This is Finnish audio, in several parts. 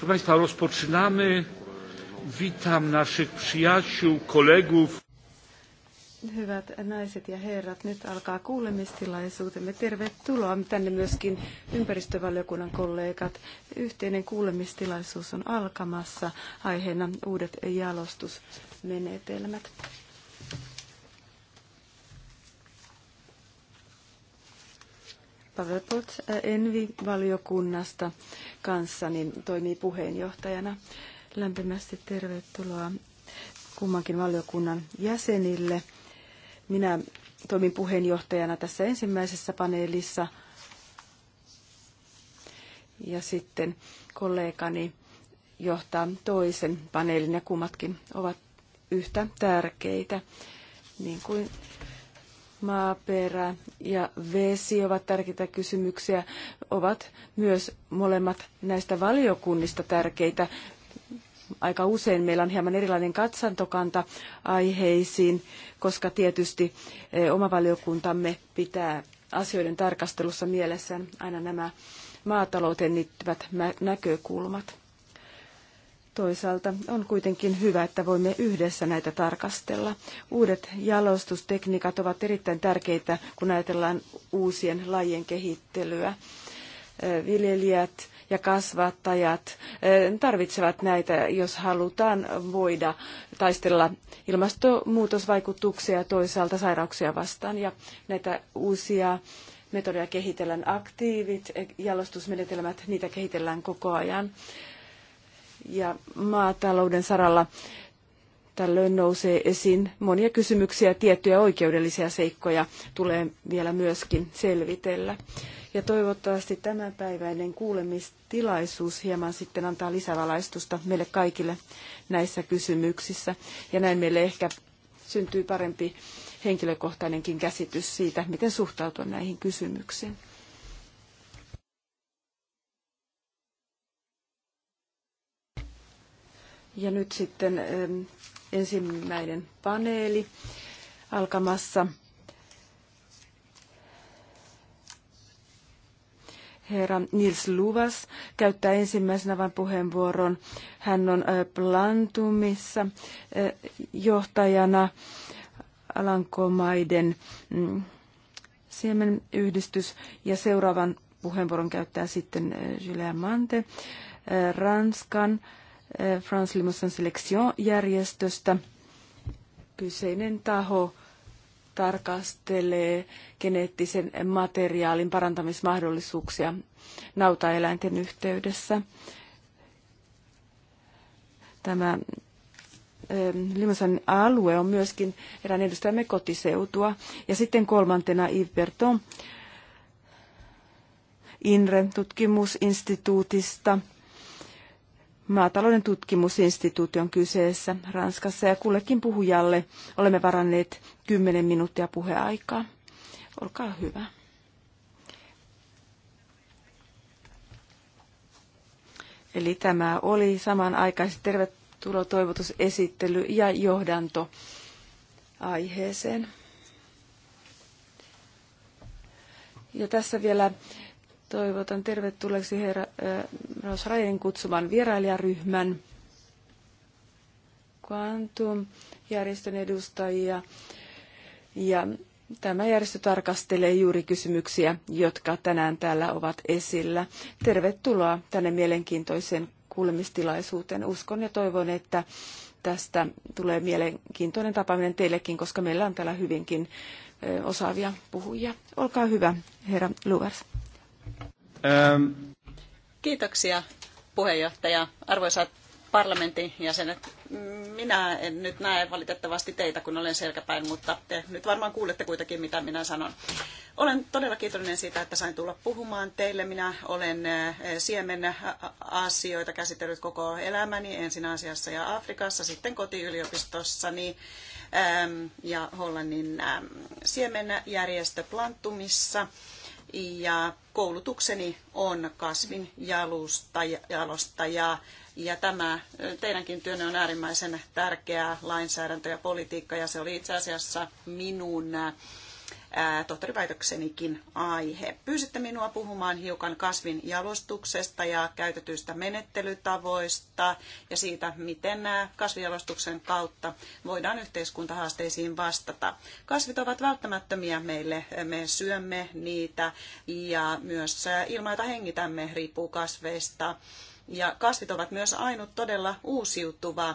Proszę Państwa, rozpoczynamy. Witam naszych przyjaciół, kolegów. Hyvät naiset ja herrat, nyt alkaa kuulemistilaisuutemme. Tervetuloa tänne myöskin ympäristövaliokunnan kollegat. Yhteinen kuulemistilaisuus on alkamassa aiheena uudet jalostusmenetelmät. Pavel Pots Envi-valiokunnasta kanssa niin toimii puheenjohtajana. Lämpimästi tervetuloa kummankin valiokunnan jäsenille. Minä toimin puheenjohtajana tässä ensimmäisessä paneelissa ja sitten kollegani johtaa toisen paneelin ja kummatkin ovat yhtä tärkeitä, niin kuin maaperä ja vesi ovat tärkeitä kysymyksiä, ovat myös molemmat näistä valiokunnista tärkeitä. Aika usein meillä on hieman erilainen katsantokanta aiheisiin, koska tietysti eh, oma valiokuntamme pitää asioiden tarkastelussa mielessään aina nämä maatalouteen liittyvät näkökulmat. Toisaalta on kuitenkin hyvä, että voimme yhdessä näitä tarkastella. Uudet jalostustekniikat ovat erittäin tärkeitä, kun ajatellaan uusien lajien kehittelyä. Viljelijät ja kasvattajat tarvitsevat näitä, jos halutaan voida taistella ilmastonmuutosvaikutuksia ja toisaalta sairauksia vastaan. Ja näitä uusia metodeja kehitellään aktiivit, jalostusmenetelmät, niitä kehitellään koko ajan ja maatalouden saralla tällöin nousee esiin monia kysymyksiä, tiettyjä oikeudellisia seikkoja tulee vielä myöskin selvitellä. Ja toivottavasti tämänpäiväinen kuulemistilaisuus hieman sitten antaa lisävalaistusta meille kaikille näissä kysymyksissä. Ja näin meille ehkä syntyy parempi henkilökohtainenkin käsitys siitä, miten suhtautua näihin kysymyksiin. Ja nyt sitten ensimmäinen paneeli alkamassa. herra Nils Luvas käyttää ensimmäisenä vain puheenvuoron. Hän on Plantumissa johtajana Alankomaiden mm, siemenyhdistys ja seuraavan puheenvuoron käyttää sitten Julia Mante Ranskan Eh, Frans Limousin Selection-järjestöstä. Kyseinen taho tarkastelee geneettisen materiaalin parantamismahdollisuuksia nautaeläinten yhteydessä. Tämä eh, limosan alue on myöskin erään edustajamme kotiseutua. Ja sitten kolmantena Yves Berton, INRE tutkimusinstituutista – maatalouden tutkimusinstituutti on kyseessä Ranskassa ja kullekin puhujalle olemme varanneet 10 minuuttia puheaikaa. Olkaa hyvä. Eli tämä oli samanaikaisesti tervetuloa toivotusesittely ja johdanto aiheeseen. Ja tässä vielä Toivotan tervetulleeksi herra äh, Raiden kutsuman vierailijaryhmän Quantum-järjestön edustajia. Ja tämä järjestö tarkastelee juuri kysymyksiä, jotka tänään täällä ovat esillä. Tervetuloa tänne mielenkiintoiseen kuulemistilaisuuteen. Uskon ja toivon, että tästä tulee mielenkiintoinen tapaaminen teillekin, koska meillä on täällä hyvinkin osaavia puhujia. Olkaa hyvä, herra Luvers. Ähm. Kiitoksia puheenjohtaja. Arvoisat parlamentin jäsenet, minä en nyt näe valitettavasti teitä, kun olen selkäpäin, mutta te nyt varmaan kuulette kuitenkin, mitä minä sanon. Olen todella kiitollinen siitä, että sain tulla puhumaan teille. Minä olen äh, siemen asioita käsitellyt koko elämäni, ensin Aasiassa ja Afrikassa, sitten kotiyliopistossani ähm, ja Hollannin ähm, siemenjärjestö Plantumissa – ja koulutukseni on kasvin jalostaja ja tämä teidänkin työnne on äärimmäisen tärkeää lainsäädäntö ja politiikka ja se oli itse asiassa minun tohtoriväitöksenikin aihe. Pyysitte minua puhumaan hiukan kasvin jalostuksesta ja käytetyistä menettelytavoista ja siitä, miten kasvijalostuksen kautta voidaan yhteiskuntahaasteisiin vastata. Kasvit ovat välttämättömiä meille. Me syömme niitä ja myös ilma, jota hengitämme, riippuu kasveista. Ja kasvit ovat myös ainut todella uusiutuva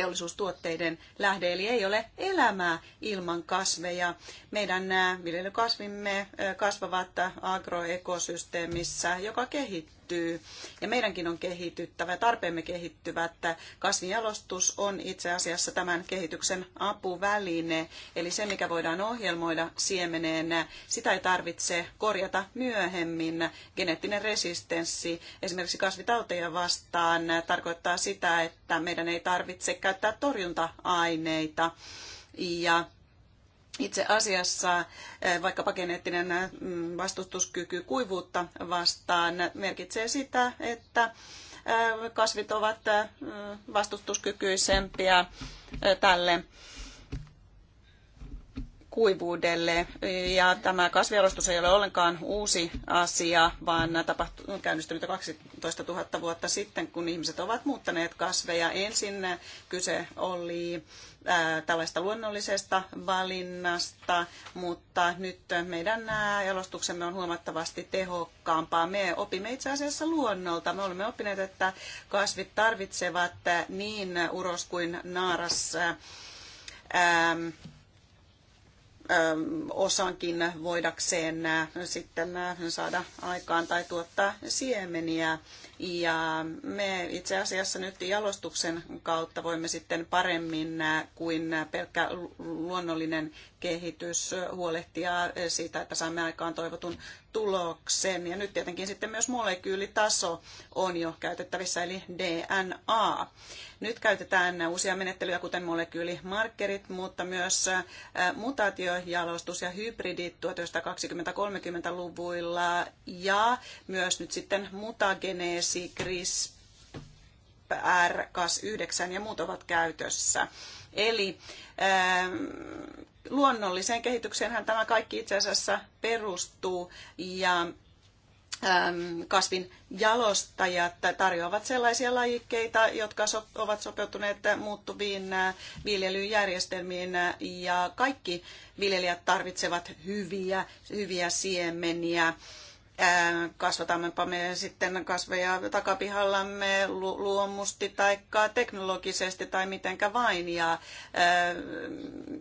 teollisuustuotteiden lähde, eli ei ole elämää ilman kasveja. Meidän nämä viljelykasvimme kasvavat agroekosysteemissä, joka kehittyy kehittyy ja meidänkin on kehityttävä, tarpeemme että Kasvinjalostus on itse asiassa tämän kehityksen apuväline, eli se mikä voidaan ohjelmoida siemeneen, sitä ei tarvitse korjata myöhemmin. Geneettinen resistenssi esimerkiksi kasvitauteja vastaan tarkoittaa sitä, että meidän ei tarvitse käyttää torjunta-aineita ja itse asiassa eh, vaikkapa geneettinen eh, vastustuskyky kuivuutta vastaan merkitsee sitä, että eh, kasvit ovat vastustuskykyisempiä tälle kuivuudelle. Ja tämä kasviarvostus ei ole ollenkaan uusi asia, vaan tapahtui, on käynnistynyt 12 000 vuotta sitten, kun ihmiset ovat muuttaneet kasveja. Ensin kyse oli äh, tällaista luonnollisesta valinnasta, mutta nyt meidän äh, jalostuksemme on huomattavasti tehokkaampaa. Me opimme itse asiassa luonnolta. Me olemme oppineet, että kasvit tarvitsevat niin uros kuin naaras Ää, äh, ähm, Ähm, osankin voidakseen äh, sitten äh, saada aikaan tai tuottaa siemeniä. Ja me itse asiassa nyt jalostuksen kautta voimme sitten paremmin äh, kuin pelkkä luonnollinen kehitys huolehtia siitä, että saamme aikaan toivotun tulokseen Ja nyt tietenkin sitten myös molekyylitaso on jo käytettävissä, eli DNA. Nyt käytetään uusia menettelyjä, kuten molekyylimarkkerit, mutta myös äh, mutaatiojalostus ja hybridit 1920-30-luvuilla ja myös nyt sitten mutageneesi, CRISPR, Cas9 ja muut ovat käytössä. Eli ähm, luonnolliseen kehitykseenhän tämä kaikki itse asiassa perustuu ja kasvin jalostajat tarjoavat sellaisia lajikkeita, jotka ovat sopeutuneet muuttuviin viljelyjärjestelmiin ja kaikki viljelijät tarvitsevat hyviä, hyviä siemeniä kasvatammepa me sitten kasveja takapihallamme luomusti tai teknologisesti tai mitenkä vain. Ja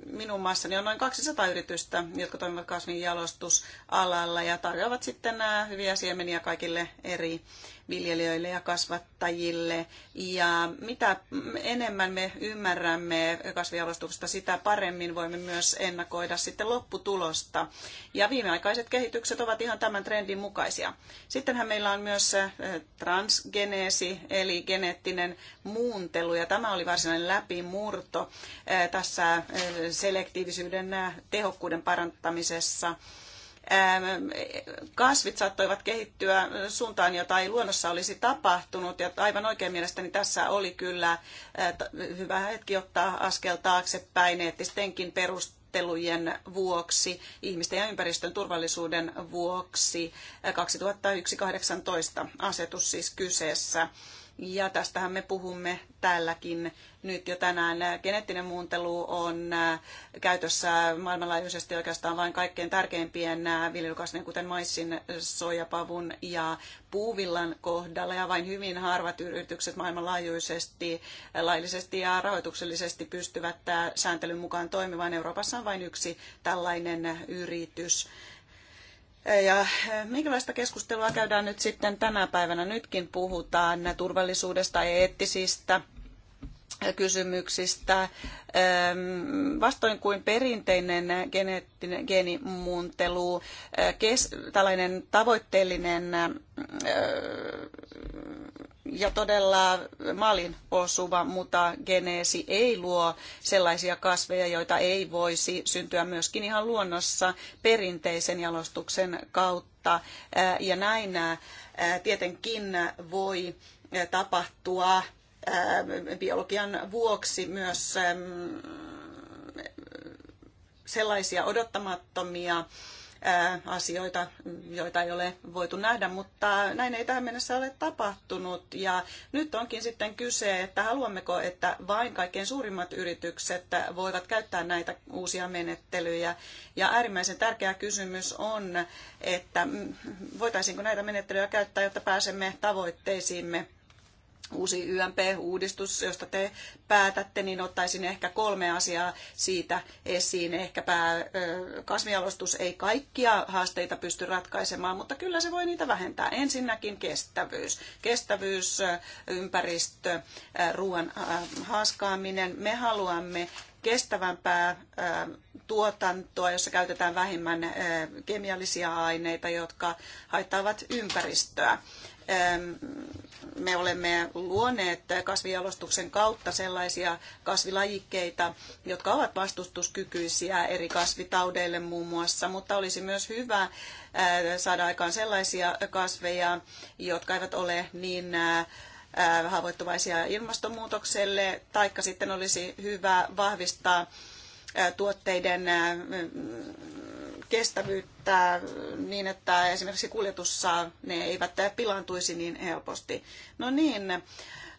minun maassani on noin 200 yritystä, jotka toimivat kasvinjalostusalalla ja tarjoavat sitten nämä hyviä siemeniä kaikille eri viljelijöille ja kasvattajille. Ja mitä enemmän me ymmärrämme kasvialustuksesta, sitä paremmin voimme myös ennakoida sitten lopputulosta. Ja viimeaikaiset kehitykset ovat ihan tämän trendin mukaisia. Sittenhän meillä on myös äh, transgeneesi, eli geneettinen muuntelu, ja tämä oli varsinainen läpimurto äh, tässä äh, selektiivisyyden tehokkuuden parantamisessa – Ähm, kasvit saattoivat kehittyä suuntaan, jota ei luonnossa olisi tapahtunut. Ja aivan oikein mielestäni tässä oli kyllä äh, hyvä hetki ottaa askel taaksepäin eettistenkin perusteella perustelujen vuoksi, ihmisten ja ympäristön turvallisuuden vuoksi 2001-18 äh, asetus siis kyseessä. Ja tästähän me puhumme täälläkin nyt jo tänään. Geneettinen muuntelu on äh, käytössä maailmanlaajuisesti oikeastaan vain kaikkein tärkeimpien äh, viljelykasvien, kuten maissin, soijapavun ja puuvillan kohdalla. Ja vain hyvin harvat yritykset maailmanlaajuisesti, äh, laillisesti ja rahoituksellisesti pystyvät sääntelyn mukaan toimimaan. Euroopassa on vain yksi tällainen yritys. Ja minkälaista keskustelua käydään nyt sitten tänä päivänä? Nytkin puhutaan turvallisuudesta, ja eettisistä kysymyksistä. Vastoin kuin perinteinen geneettinen geenimuuntelu, kes, tällainen tavoitteellinen ja todella malin osuva mutageneesi ei luo sellaisia kasveja, joita ei voisi syntyä myöskin ihan luonnossa perinteisen jalostuksen kautta. Ja näin tietenkin voi tapahtua biologian vuoksi myös sellaisia odottamattomia asioita, joita ei ole voitu nähdä, mutta näin ei tähän mennessä ole tapahtunut. Ja nyt onkin sitten kyse, että haluammeko, että vain kaikkein suurimmat yritykset voivat käyttää näitä uusia menettelyjä. Ja äärimmäisen tärkeä kysymys on, että voitaisiinko näitä menettelyjä käyttää, jotta pääsemme tavoitteisiimme uusi YMP-uudistus, josta te päätätte, niin ottaisin ehkä kolme asiaa siitä esiin. Ehkäpä kasvialostus ei kaikkia haasteita pysty ratkaisemaan, mutta kyllä se voi niitä vähentää. Ensinnäkin kestävyys. Kestävyys, ympäristö, ruoan haaskaaminen. Me haluamme kestävämpää tuotantoa, jossa käytetään vähemmän kemiallisia aineita, jotka haittaavat ympäristöä me olemme luoneet kasvijalostuksen kautta sellaisia kasvilajikkeita, jotka ovat vastustuskykyisiä eri kasvitaudeille muun muassa, mutta olisi myös hyvä eh, saada aikaan sellaisia kasveja, jotka eivät ole niin eh, haavoittuvaisia ilmastonmuutokselle, taikka sitten olisi hyvä vahvistaa eh, tuotteiden kestävyyttä niin, että esimerkiksi kuljetussa ne eivät pilaantuisi niin helposti. No niin,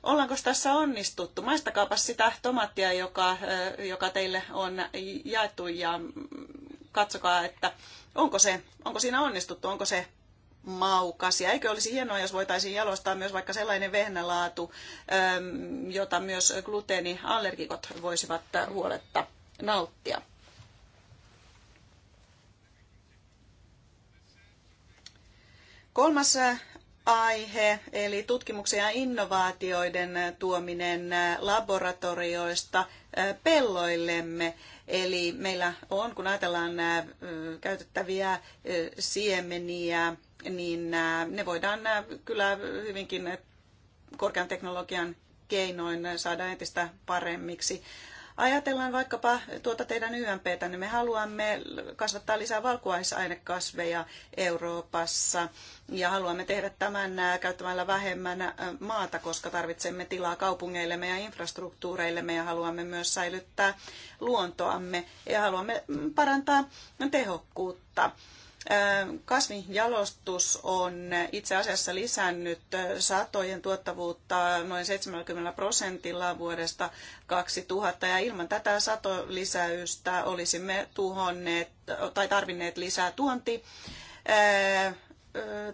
ollaanko tässä onnistuttu? Maistakaapa sitä tomaattia, joka, joka teille on jaettu ja katsokaa, että onko, se, onko siinä onnistuttu, onko se maukas. Ja eikö olisi hienoa, jos voitaisiin jalostaa myös vaikka sellainen vehnälaatu, jota myös gluteeniallergikot voisivat huoletta nauttia. Kolmas äh, aihe, eli tutkimuksen ja innovaatioiden äh, tuominen äh, laboratorioista pelloillemme. Eli meillä on, kun ajatellaan nämä käytettäviä siemeniä, niin ne voidaan kyllä hyvinkin korkean teknologian keinoin saada entistä paremmiksi. Ajatellaan vaikkapa tuota teidän YMPtä, niin me haluamme kasvattaa lisää valkuaisainekasveja Euroopassa ja haluamme tehdä tämän äh, käyttämällä vähemmän äh, maata, koska tarvitsemme tilaa kaupungeillemme ja infrastruktuureillemme ja haluamme myös säilyttää luontoamme ja haluamme mm, parantaa tehokkuutta. Kasvinjalostus on itse asiassa lisännyt satojen tuottavuutta noin 70 prosentilla vuodesta 2000 ja ilman tätä satolisäystä olisimme tuhonneet tai tarvinneet lisää tuonti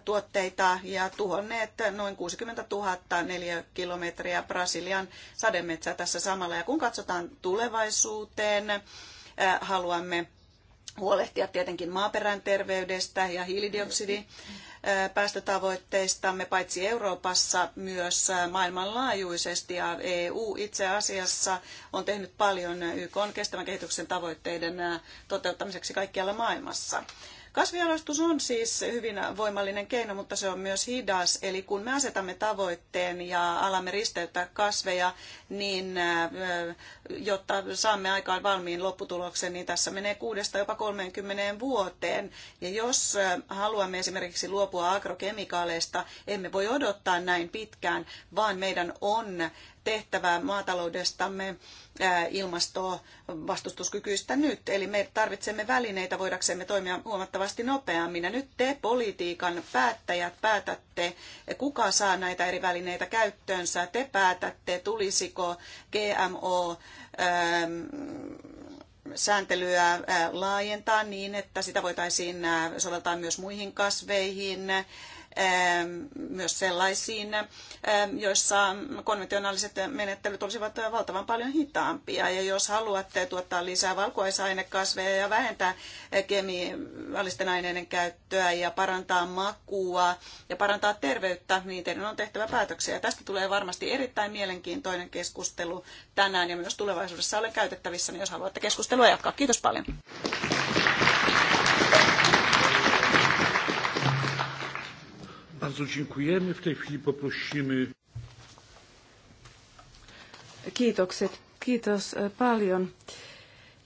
tuotteita ja tuhonneet noin 60 000 neliökilometriä Brasilian sademetsää tässä samalla. Ja kun katsotaan tulevaisuuteen, haluamme huolehtia tietenkin maaperän terveydestä ja hiilidioksidi päästötavoitteistamme paitsi Euroopassa myös maailmanlaajuisesti ja EU itse asiassa on tehnyt paljon YK kestävän kehityksen tavoitteiden toteuttamiseksi kaikkialla maailmassa. Kasvijalostus on siis hyvin voimallinen keino, mutta se on myös hidas. Eli kun me asetamme tavoitteen ja alamme risteyttää kasveja, niin jotta saamme aikaan valmiin lopputuloksen, niin tässä menee kuudesta jopa 30 vuoteen. Ja jos haluamme esimerkiksi luopua agrokemikaaleista, emme voi odottaa näin pitkään, vaan meidän on tehtävää maataloudestamme ilmastoa vastustuskykyistä nyt. Eli me tarvitsemme välineitä voidaksemme toimia huomattavasti nopeammin. Ja nyt te politiikan päättäjät päätätte, kuka saa näitä eri välineitä käyttöönsä. Te päätätte, tulisiko GMO sääntelyä laajentaa niin, että sitä voitaisiin soveltaa myös muihin kasveihin Ähm, myös sellaisiin, ähm, joissa konventionaaliset menettelyt olisivat valtavan paljon hitaampia. Ja jos haluatte tuottaa lisää valkuaisainekasveja ja vähentää kemiallisten aineiden käyttöä ja parantaa makua ja parantaa terveyttä, niin teidän on tehtävä päätöksiä. Tästä tulee varmasti erittäin mielenkiintoinen keskustelu tänään ja myös tulevaisuudessa olen käytettävissä, niin jos haluatte keskustelua jatkaa. Kiitos paljon. Bardzo dziękujemy. W tej chwili poprosimy. Kiitokset. Kiitos e, paljon.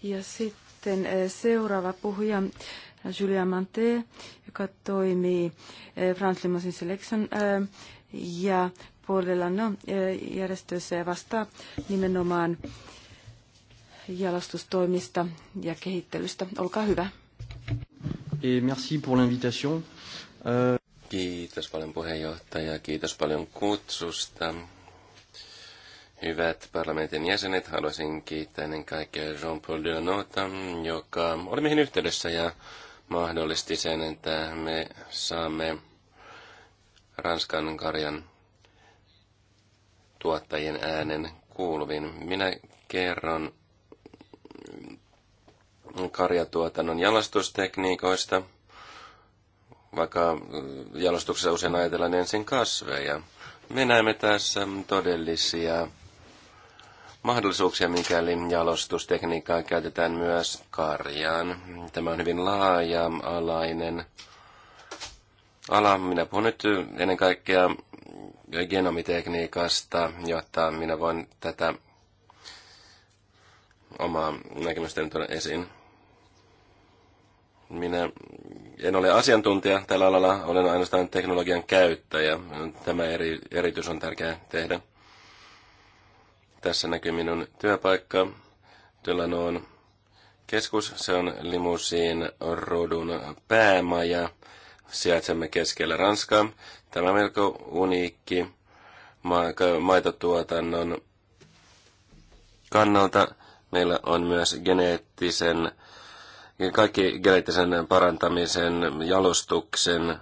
Ja sitten e, seuraava puhuja. Julia Mante, joka toimii e, Frans Limousin Selection ja puolella no, järjestössä ja vastaa nimenomaan jalostustoimista ja kehittelystä. Olkaa hyvä. Et merci pour l'invitation. Euh, Kiitos paljon puheenjohtaja, kiitos paljon kutsusta. Hyvät parlamentin jäsenet, haluaisin kiittää ennen kaikkea Jean-Paul Dionota, joka oli meihin yhteydessä ja mahdollisti sen, että me saamme Ranskan karjan tuottajien äänen kuuluvin. Minä kerron karjatuotannon jalastustekniikoista vaikka mm, jalostuksessa usein ajatellaan niin ensin kasveja. Me näemme tässä mm, todellisia mahdollisuuksia, mikäli jalostustekniikkaa käytetään myös karjaan. Tämä on hyvin laaja-alainen ala. Minä puhun nyt ennen kaikkea genomitekniikasta, jotta minä voin tätä omaa näkemystäni tuoda esiin. Minä en ole asiantuntija tällä alalla, olen ainoastaan teknologian käyttäjä. Tämä eri, eritys on tärkeää tehdä. Tässä näkyy minun työpaikka. on keskus, se on Limousin rodun päämaja. Sijaitsemme keskellä Ranskaa. Tämä on melko uniikki ma- maitotuotannon kannalta. Meillä on myös geneettisen kaikki geneettisen parantamisen jalostuksen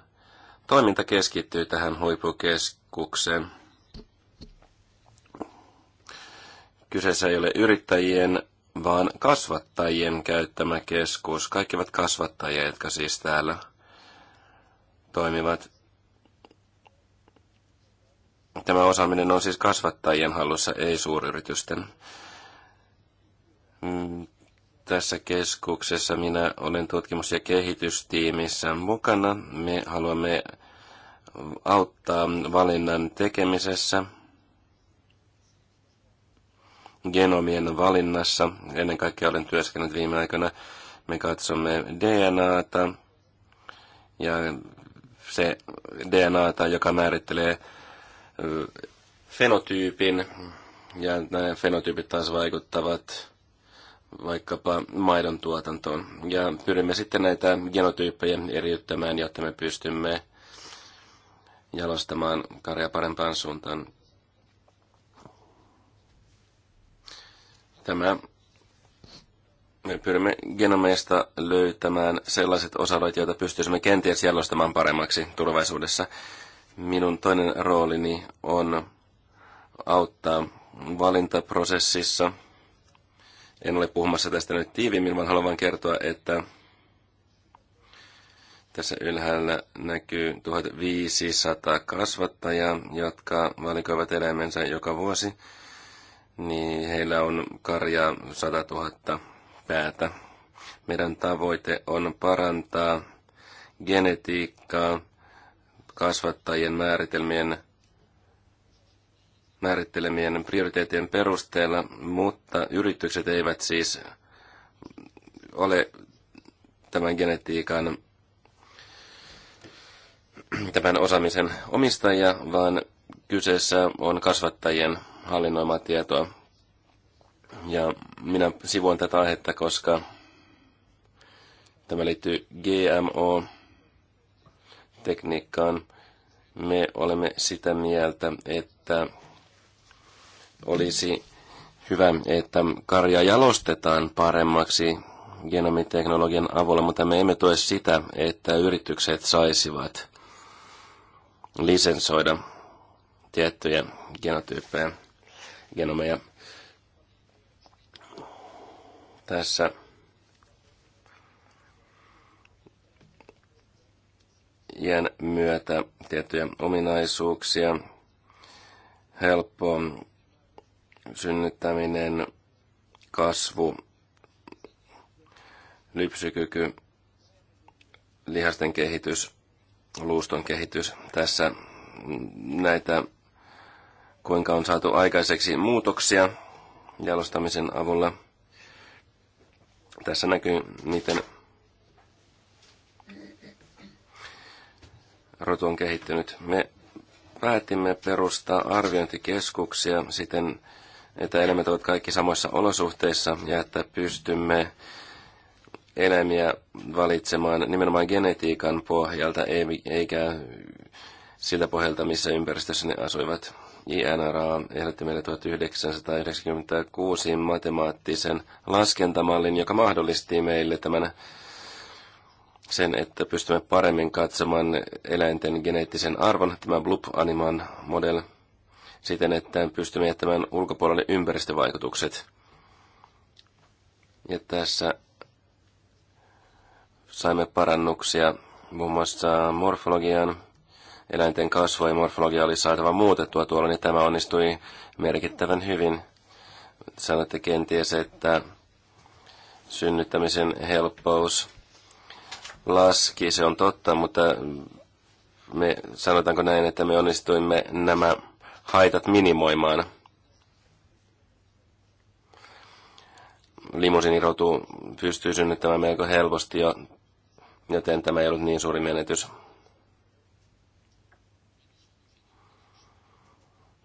toiminta keskittyy tähän huippukeskukseen. Kyseessä ei ole yrittäjien, vaan kasvattajien käyttämä keskus. Kaikki ovat kasvattajia, jotka siis täällä toimivat. Tämä osaaminen on siis kasvattajien hallussa, ei suuryritysten. Mm, tässä keskuksessa minä olen tutkimus- ja kehitystiimissä mukana. Me haluamme auttaa valinnan tekemisessä, genomien valinnassa. Ennen kaikkea olen työskennellyt viime aikoina. Me katsomme DNAta ja se DNAta, joka määrittelee fenotyypin ja nämä fenotyypit taas vaikuttavat vaikkapa maidon tuotantoon. Ja pyrimme sitten näitä genotyyppejä eriyttämään, jotta me pystymme jalostamaan karja parempaan suuntaan. Tämä me pyrimme genomeista löytämään sellaiset osa joita pystyisimme kenties jalostamaan paremmaksi tulevaisuudessa. Minun toinen roolini on auttaa valintaprosessissa – en ole puhumassa tästä nyt tiiviimmin, vaan haluan vain kertoa, että tässä ylhäällä näkyy 1500 kasvattajaa, jotka valikoivat eläimensä joka vuosi. Niin heillä on karja 100 000 päätä. Meidän tavoite on parantaa genetiikkaa kasvattajien määritelmien määrittelemien prioriteettien perusteella, mutta yritykset eivät siis ole tämän genetiikan, tämän osaamisen omistajia, vaan kyseessä on kasvattajien hallinnoimaa tietoa. Ja minä sivuan tätä aihetta, koska tämä liittyy GMO-tekniikkaan. Me olemme sitä mieltä, että olisi hyvä, että karja jalostetaan paremmaksi genomiteknologian avulla, mutta me emme tue sitä, että yritykset saisivat lisensoida tiettyjä genotyyppejä, genomeja. Tässä iän myötä tiettyjä ominaisuuksia, helppo synnyttäminen, kasvu, lypsykyky, lihasten kehitys, luuston kehitys. Tässä näitä, kuinka on saatu aikaiseksi muutoksia jalostamisen avulla. Tässä näkyy, miten rotu on kehittynyt. Me päätimme perustaa arviointikeskuksia siten, että elämät ovat kaikki samoissa olosuhteissa ja että pystymme eläimiä valitsemaan nimenomaan genetiikan pohjalta eikä siltä pohjalta, missä ympäristössä ne asuivat. INRA ehdotti meille 1996 matemaattisen laskentamallin, joka mahdollisti meille tämän sen, että pystymme paremmin katsomaan eläinten geneettisen arvon, tämä blup Animan model – siten, että pystymme jättämään ulkopuolelle ympäristövaikutukset. Ja tässä saimme parannuksia muun muassa morfologiaan. Eläinten kasvu ja morfologia oli saatava muutettua tuolla, niin tämä onnistui merkittävän hyvin. Sanoitte kenties, että synnyttämisen helppous laski, se on totta, mutta me, sanotaanko näin, että me onnistuimme nämä haitat minimoimaan. Limusinrotu pystyy synnyttämään melko helposti, jo, joten tämä ei ollut niin suuri menetys.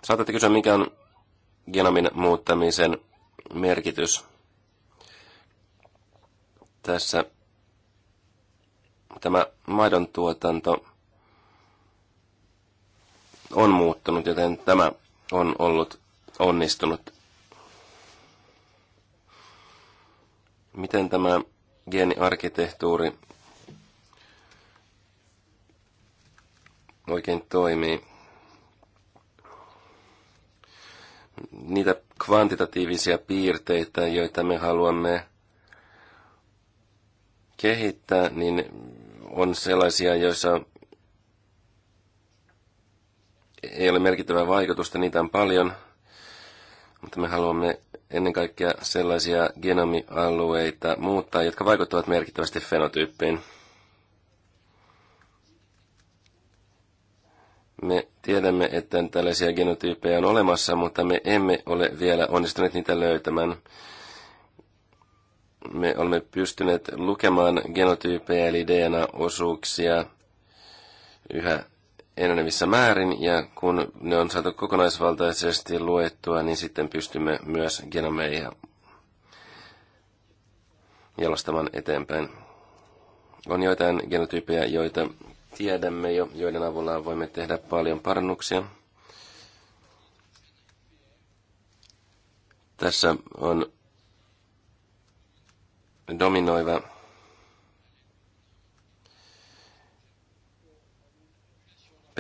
Saatatte kysyä, mikä on genomin muuttamisen merkitys. Tässä tämä maidon tuotanto on muuttunut, joten tämä on ollut onnistunut. Miten tämä geeniarkkitehtuuri oikein toimii? Niitä kvantitatiivisia piirteitä, joita me haluamme kehittää, niin on sellaisia, joissa ei ole merkittävää vaikutusta, niitä on paljon, mutta me haluamme ennen kaikkea sellaisia genomialueita muuttaa, jotka vaikuttavat merkittävästi fenotyyppiin. Me tiedämme, että tällaisia genotyyppejä on olemassa, mutta me emme ole vielä onnistuneet niitä löytämään. Me olemme pystyneet lukemaan genotyyppejä eli DNA-osuuksia yhä enenevissä määrin, ja kun ne on saatu kokonaisvaltaisesti luettua, niin sitten pystymme myös genomeja jalostamaan eteenpäin. On joitain genotyyppejä, joita tiedämme jo, joiden avulla voimme tehdä paljon parannuksia. Tässä on dominoiva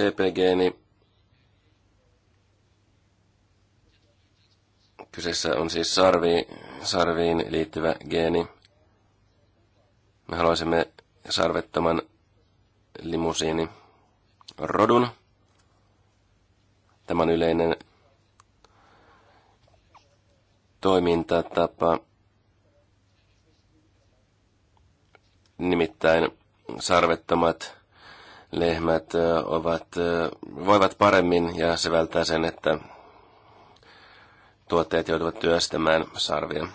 TPG-niin e Kyseessä on siis sarvi, sarviin liittyvä geeni. Me haluaisimme sarvettoman limusiini rodun. Tämä on yleinen toimintatapa. Nimittäin sarvettomat lehmät ovat, voivat paremmin ja se välttää sen, että tuotteet joutuvat työstämään sarvia.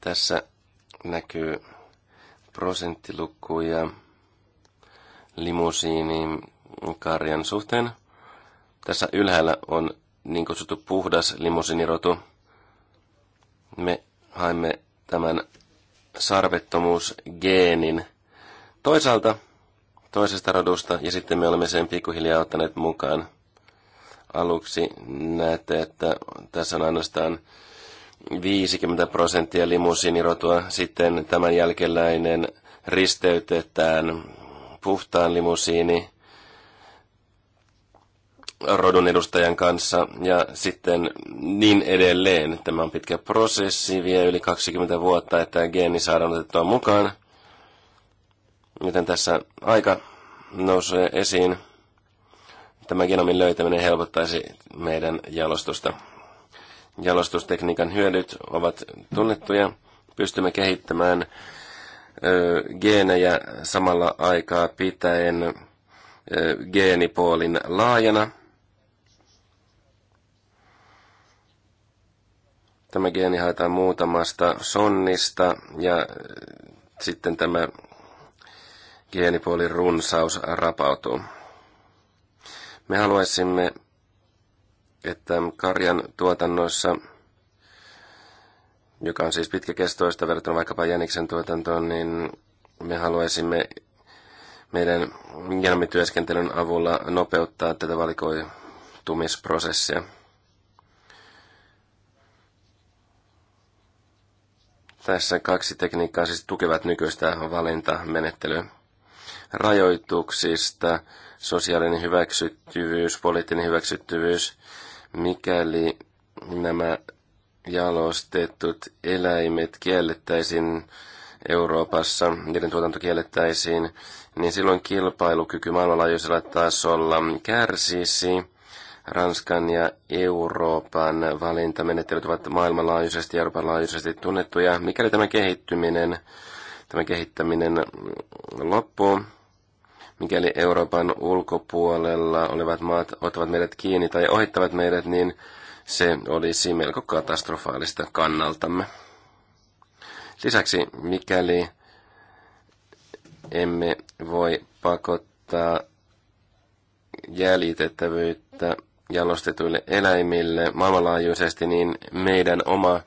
Tässä näkyy prosenttilukuja limusiini karjan suhteen. Tässä ylhäällä on niin kutsuttu puhdas limusinirotu. Me haimme tämän sarvettomuusgeenin toisaalta toisesta rodusta ja sitten me olemme sen pikkuhiljaa ottaneet mukaan. Aluksi näette, että tässä on ainoastaan 50 prosenttia limusiinirotua, sitten tämän jälkeläinen risteytetään puhtaan limusiini rodun edustajan kanssa ja sitten niin edelleen. Tämä on pitkä prosessi, vie yli 20 vuotta, että geeni saadaan otettua mukaan. Miten tässä aika nousee esiin. Tämä genomin löytäminen helpottaisi meidän jalostusta. Jalostustekniikan hyödyt ovat tunnettuja. Pystymme kehittämään ö, geenejä samalla aikaa pitäen ö, geenipoolin laajana – Tämä geeni haetaan muutamasta sonnista ja äh, sitten tämä geenipuolin runsaus rapautuu. Me haluaisimme, että karjan tuotannoissa, joka on siis pitkäkestoista verrattuna vaikkapa jäniksen tuotantoon, niin me haluaisimme meidän genomityöskentelyn avulla nopeuttaa tätä valikoitumisprosessia. Tässä kaksi tekniikkaa siis tukevat nykyistä valintamenettelyä. Rajoituksista, sosiaalinen hyväksyttyvyys, poliittinen hyväksyttyvyys, mikäli nämä jalostetut eläimet kiellettäisiin Euroopassa, niiden tuotanto kiellettäisiin, niin silloin kilpailukyky maailmanlaajuisella tasolla kärsisi Ranskan ja Euroopan valintamenettelyt ovat maailmanlaajuisesti ja Euroopan laajuisesti tunnettuja. Mikäli tämä kehittyminen, tämä kehittäminen loppuu, mikäli Euroopan ulkopuolella olevat maat ottavat meidät kiinni tai ohittavat meidät, niin se olisi melko katastrofaalista kannaltamme. Lisäksi, mikäli emme voi pakottaa jäljitettävyyttä jalostetuille eläimille maailmanlaajuisesti, niin meidän oma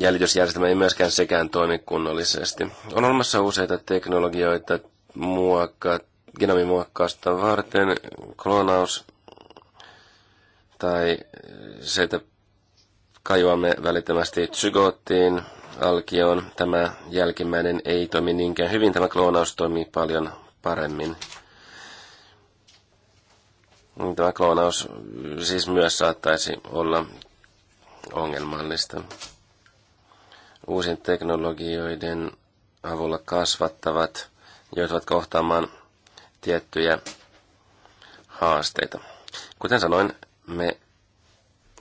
jäljitysjärjestelmä ei myöskään sekään toimi kunnollisesti. On olemassa useita teknologioita muokka, genomimuokkausta varten, kloonaus tai se, että kajuamme välittömästi psygoottiin, alkioon. Tämä jälkimmäinen ei toimi niinkään hyvin, tämä kloonaus toimii paljon paremmin. Tämä kloonaus siis myös saattaisi olla ongelmallista. Uusien teknologioiden avulla kasvattavat joutuvat kohtaamaan tiettyjä haasteita. Kuten sanoin, me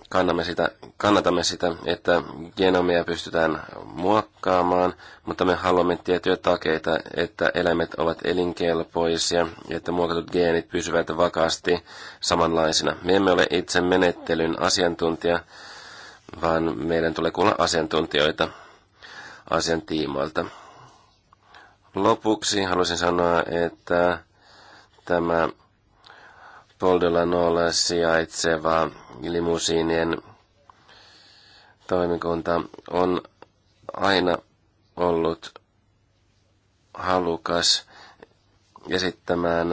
kannamme sitä, kannatamme sitä, että genomia pystytään muokkaamaan, mutta me haluamme tiettyjä takeita, että eläimet ovat elinkelpoisia, että muokatut geenit pysyvät vakaasti samanlaisina. Me emme ole itse menettelyn asiantuntija, vaan meidän tulee kuulla asiantuntijoita asiantiimoilta. Lopuksi haluaisin sanoa, että tämä Poldelan olla sijaitseva limusiinien toimikunta on aina ollut halukas esittämään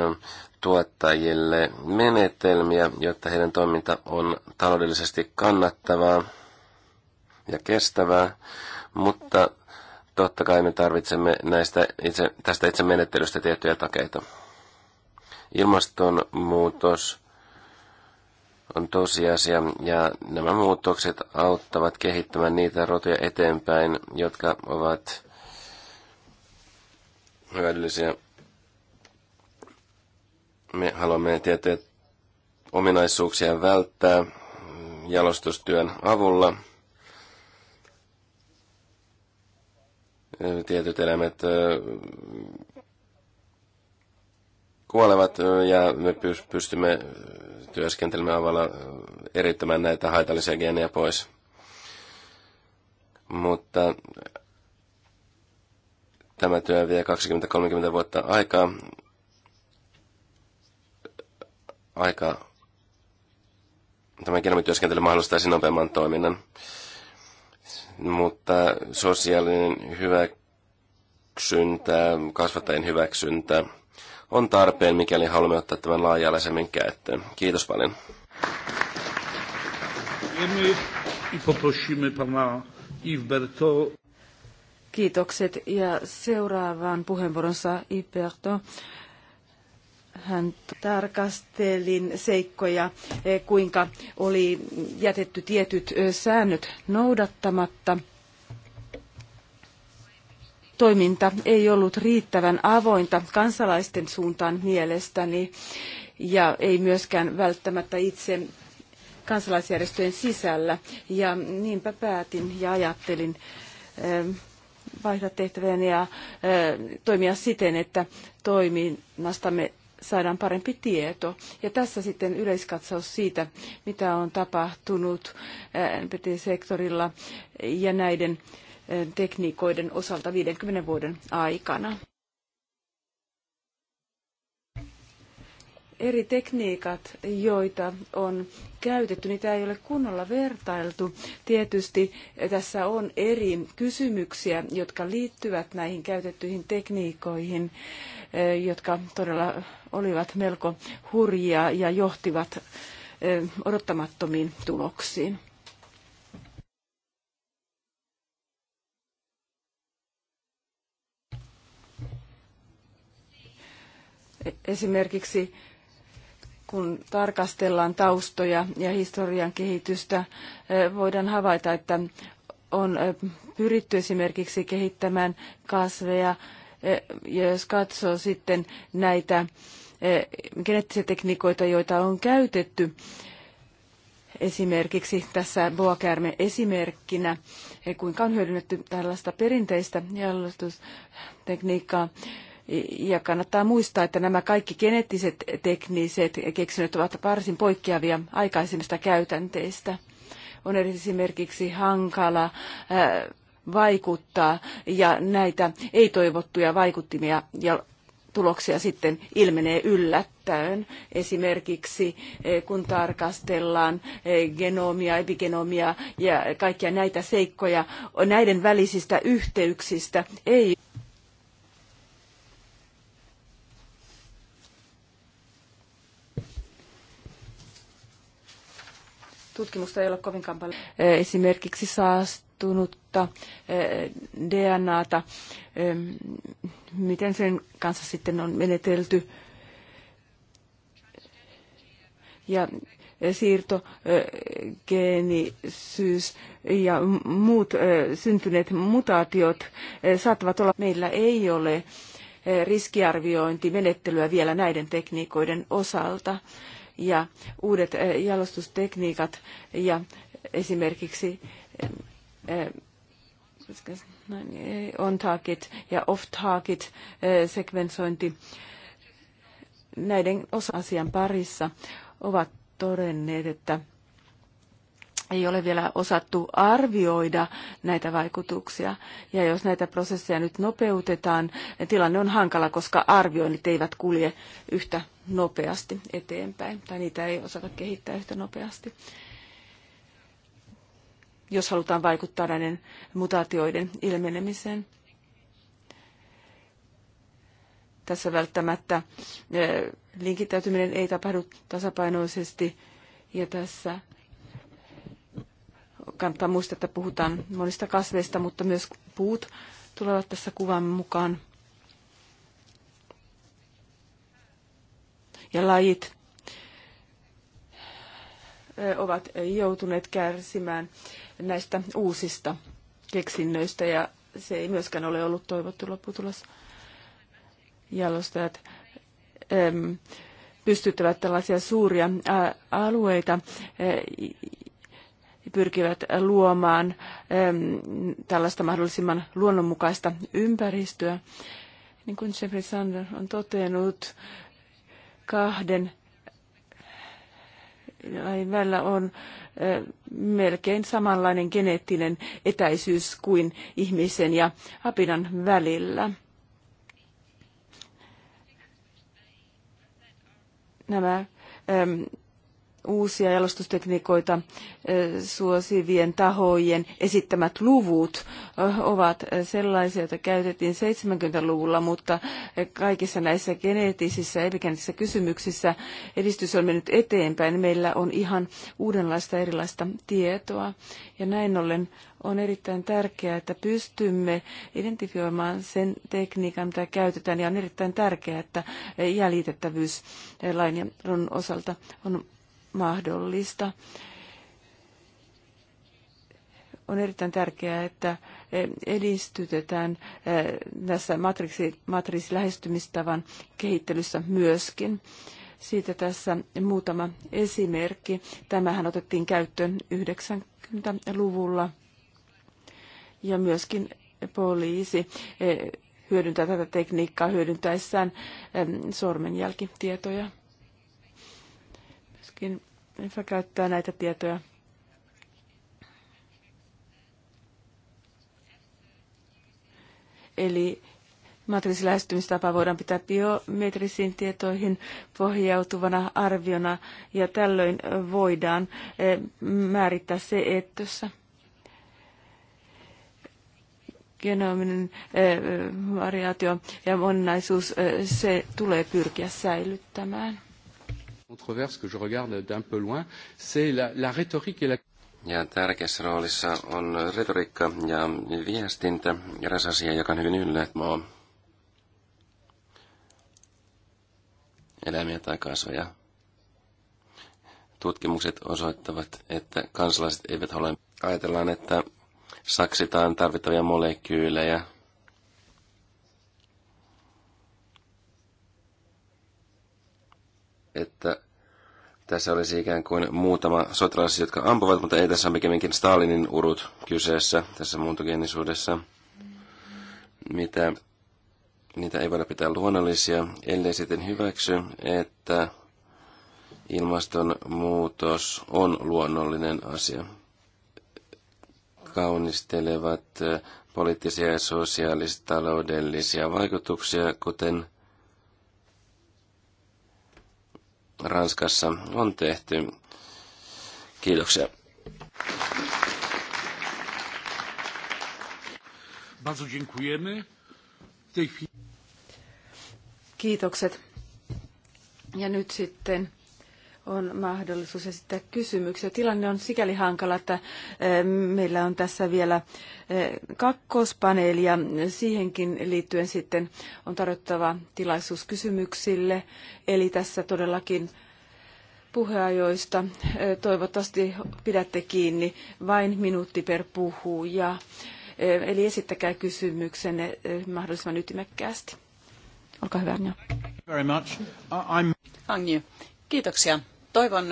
tuottajille menetelmiä, jotta heidän toiminta on taloudellisesti kannattavaa ja kestävää, mutta totta kai me tarvitsemme näistä itse, tästä itse menettelystä tiettyjä takeita. Ilmastonmuutos on tosiasia ja nämä muutokset auttavat kehittämään niitä rotuja eteenpäin, jotka ovat hyödyllisiä. Me haluamme tiettyjä ominaisuuksia välttää jalostustyön avulla. Tietyt eläimet kuolevat ja me pystymme työskentelemään avalla erittämään näitä haitallisia geenejä pois. Mutta tämä työ vie 20-30 vuotta aikaa. Aika. Tämä genomityöskentely mahdollistaisi nopeamman toiminnan. Mutta sosiaalinen hyväksyntä, kasvattajien hyväksyntä, on tarpeen, mikäli haluamme ottaa tämän laajalaisemmin käyttöön. Kiitos paljon. Kiitokset ja seuraavaan puheenvuoronsa Iberto hän tarkastelin seikkoja, eh, kuinka oli jätetty tietyt eh, säännöt noudattamatta toiminta ei ollut riittävän avointa kansalaisten suuntaan mielestäni ja ei myöskään välttämättä itse kansalaisjärjestöjen sisällä. Ja niinpä päätin ja ajattelin ähm, vaihtaa tehtävän ja äh, toimia siten, että toiminnastamme saadaan parempi tieto. Ja tässä sitten yleiskatsaus siitä, mitä on tapahtunut äh, NPT-sektorilla ja näiden tekniikoiden osalta 50 vuoden aikana. Eri tekniikat, joita on käytetty, niitä ei ole kunnolla vertailtu. Tietysti tässä on eri kysymyksiä, jotka liittyvät näihin käytettyihin tekniikoihin, jotka todella olivat melko hurjia ja johtivat odottamattomiin tuloksiin. Esimerkiksi kun tarkastellaan taustoja ja historian kehitystä, eh, voidaan havaita, että on eh, pyritty esimerkiksi kehittämään kasveja. Eh, ja jos katsoo sitten näitä geneettisiä tekniikoita, joita on käytetty, esimerkiksi tässä boakärme esimerkkinä, kuinka on hyödynnetty tällaista perinteistä jalostustekniikkaa, ja kannattaa muistaa, että nämä kaikki geneettiset tekniset keksinnöt ovat varsin poikkeavia aikaisemmista käytänteistä. On esimerkiksi hankala vaikuttaa ja näitä ei-toivottuja vaikuttimia ja tuloksia sitten ilmenee yllättäen. Esimerkiksi kun tarkastellaan genomia, epigenomia ja kaikkia näitä seikkoja, näiden välisistä yhteyksistä ei tutkimusta ei ole kovinkaan paljon. Esimerkiksi saastunutta DNAta, miten sen kanssa sitten on menetelty. Ja geenisyys ja muut syntyneet mutaatiot saattavat olla. Meillä ei ole riskiarviointimenettelyä vielä näiden tekniikoiden osalta ja uudet eh, jalostustekniikat ja esimerkiksi eh, eh, no niin, on-target ja off-target sekvensointi näiden osa-asian parissa ovat todenneet, että ei ole vielä osattu arvioida näitä vaikutuksia. Ja jos näitä prosesseja nyt nopeutetaan, niin tilanne on hankala, koska arvioinnit eivät kulje yhtä nopeasti eteenpäin, tai niitä ei osata kehittää yhtä nopeasti. Jos halutaan vaikuttaa näiden mutaatioiden ilmenemiseen. Tässä välttämättä eh, linkittäytyminen ei tapahdu tasapainoisesti, ja tässä Kannattaa muistaa, että puhutaan monista kasveista, mutta myös puut tulevat tässä kuvan mukaan. Ja lajit ovat joutuneet kärsimään näistä uusista keksinnöistä ja se ei myöskään ole ollut toivottu lopputulos. Jalostajat pystyttävät tällaisia suuria alueita pyrkivät luomaan tällaista mahdollisimman luonnonmukaista ympäristöä. Niin kuin Jeffrey Sander on totenut, kahden lajin välillä on melkein samanlainen geneettinen etäisyys kuin ihmisen ja apinan välillä. Nämä uusia jalostustekniikoita suosivien tahojen esittämät luvut ovat sellaisia, joita käytettiin 70-luvulla, mutta kaikissa näissä geneettisissä epigenetisissä kysymyksissä edistys on mennyt eteenpäin. Meillä on ihan uudenlaista erilaista tietoa ja näin ollen on erittäin tärkeää, että pystymme identifioimaan sen tekniikan, mitä käytetään, ja on erittäin tärkeää, että jäljitettävyys lain osalta on mahdollista. On erittäin tärkeää, että eh, edistytetään eh, tässä matriksi, matriisilähestymistavan kehittelyssä myöskin. Siitä tässä muutama esimerkki. Tämähän otettiin käyttöön 90-luvulla ja myöskin poliisi eh, hyödyntää tätä tekniikkaa hyödyntäessään sormenjälkitietoja. Todellakin EFA käyttää näitä tietoja. Eli matriisilähestymistapa voidaan pitää biometrisiin tietoihin pohjautuvana arviona ja tällöin voidaan eh, määrittää se eettössä. Genominen eh, variaatio ja moninaisuus, eh, se tulee pyrkiä säilyttämään controverse que je regarde d'un peu loin, c'est la, la rhétorique et la... Ja tärkeässä roolissa on retoriikka ja viestintä, eräs asia, joka on hyvin yllättävä eläimiä tai kasveja. Tutkimukset osoittavat, että kansalaiset eivät ole... Ajatellaan, että saksitaan tarvittavia molekyylejä – että tässä olisi ikään kuin muutama sotilas, jotka ampuvat, mutta ei tässä ole pikemminkin Stalinin urut kyseessä tässä muuntogeenisuudessa. Mitä, niitä ei voida pitää luonnollisia, ellei sitten hyväksy, että ilmastonmuutos on luonnollinen asia. Kaunistelevat äh, poliittisia ja taloudellisia vaikutuksia, kuten – Ranskassa on tehty. Kiitoksia. Kiitokset. Ja nyt sitten on mahdollisuus esittää kysymyksiä. Tilanne on sikäli hankala, että eh, meillä on tässä vielä eh, kakkospaneeli ja siihenkin liittyen sitten on tarjottava tilaisuus kysymyksille. Eli tässä todellakin puheajoista. Eh, toivottavasti pidätte kiinni vain minuutti per puhuja. Eli esittäkää kysymyksenne mahdollisimman ytimekkäästi. Olkaa hyvä, Anja. Kiitoksia. Toivon,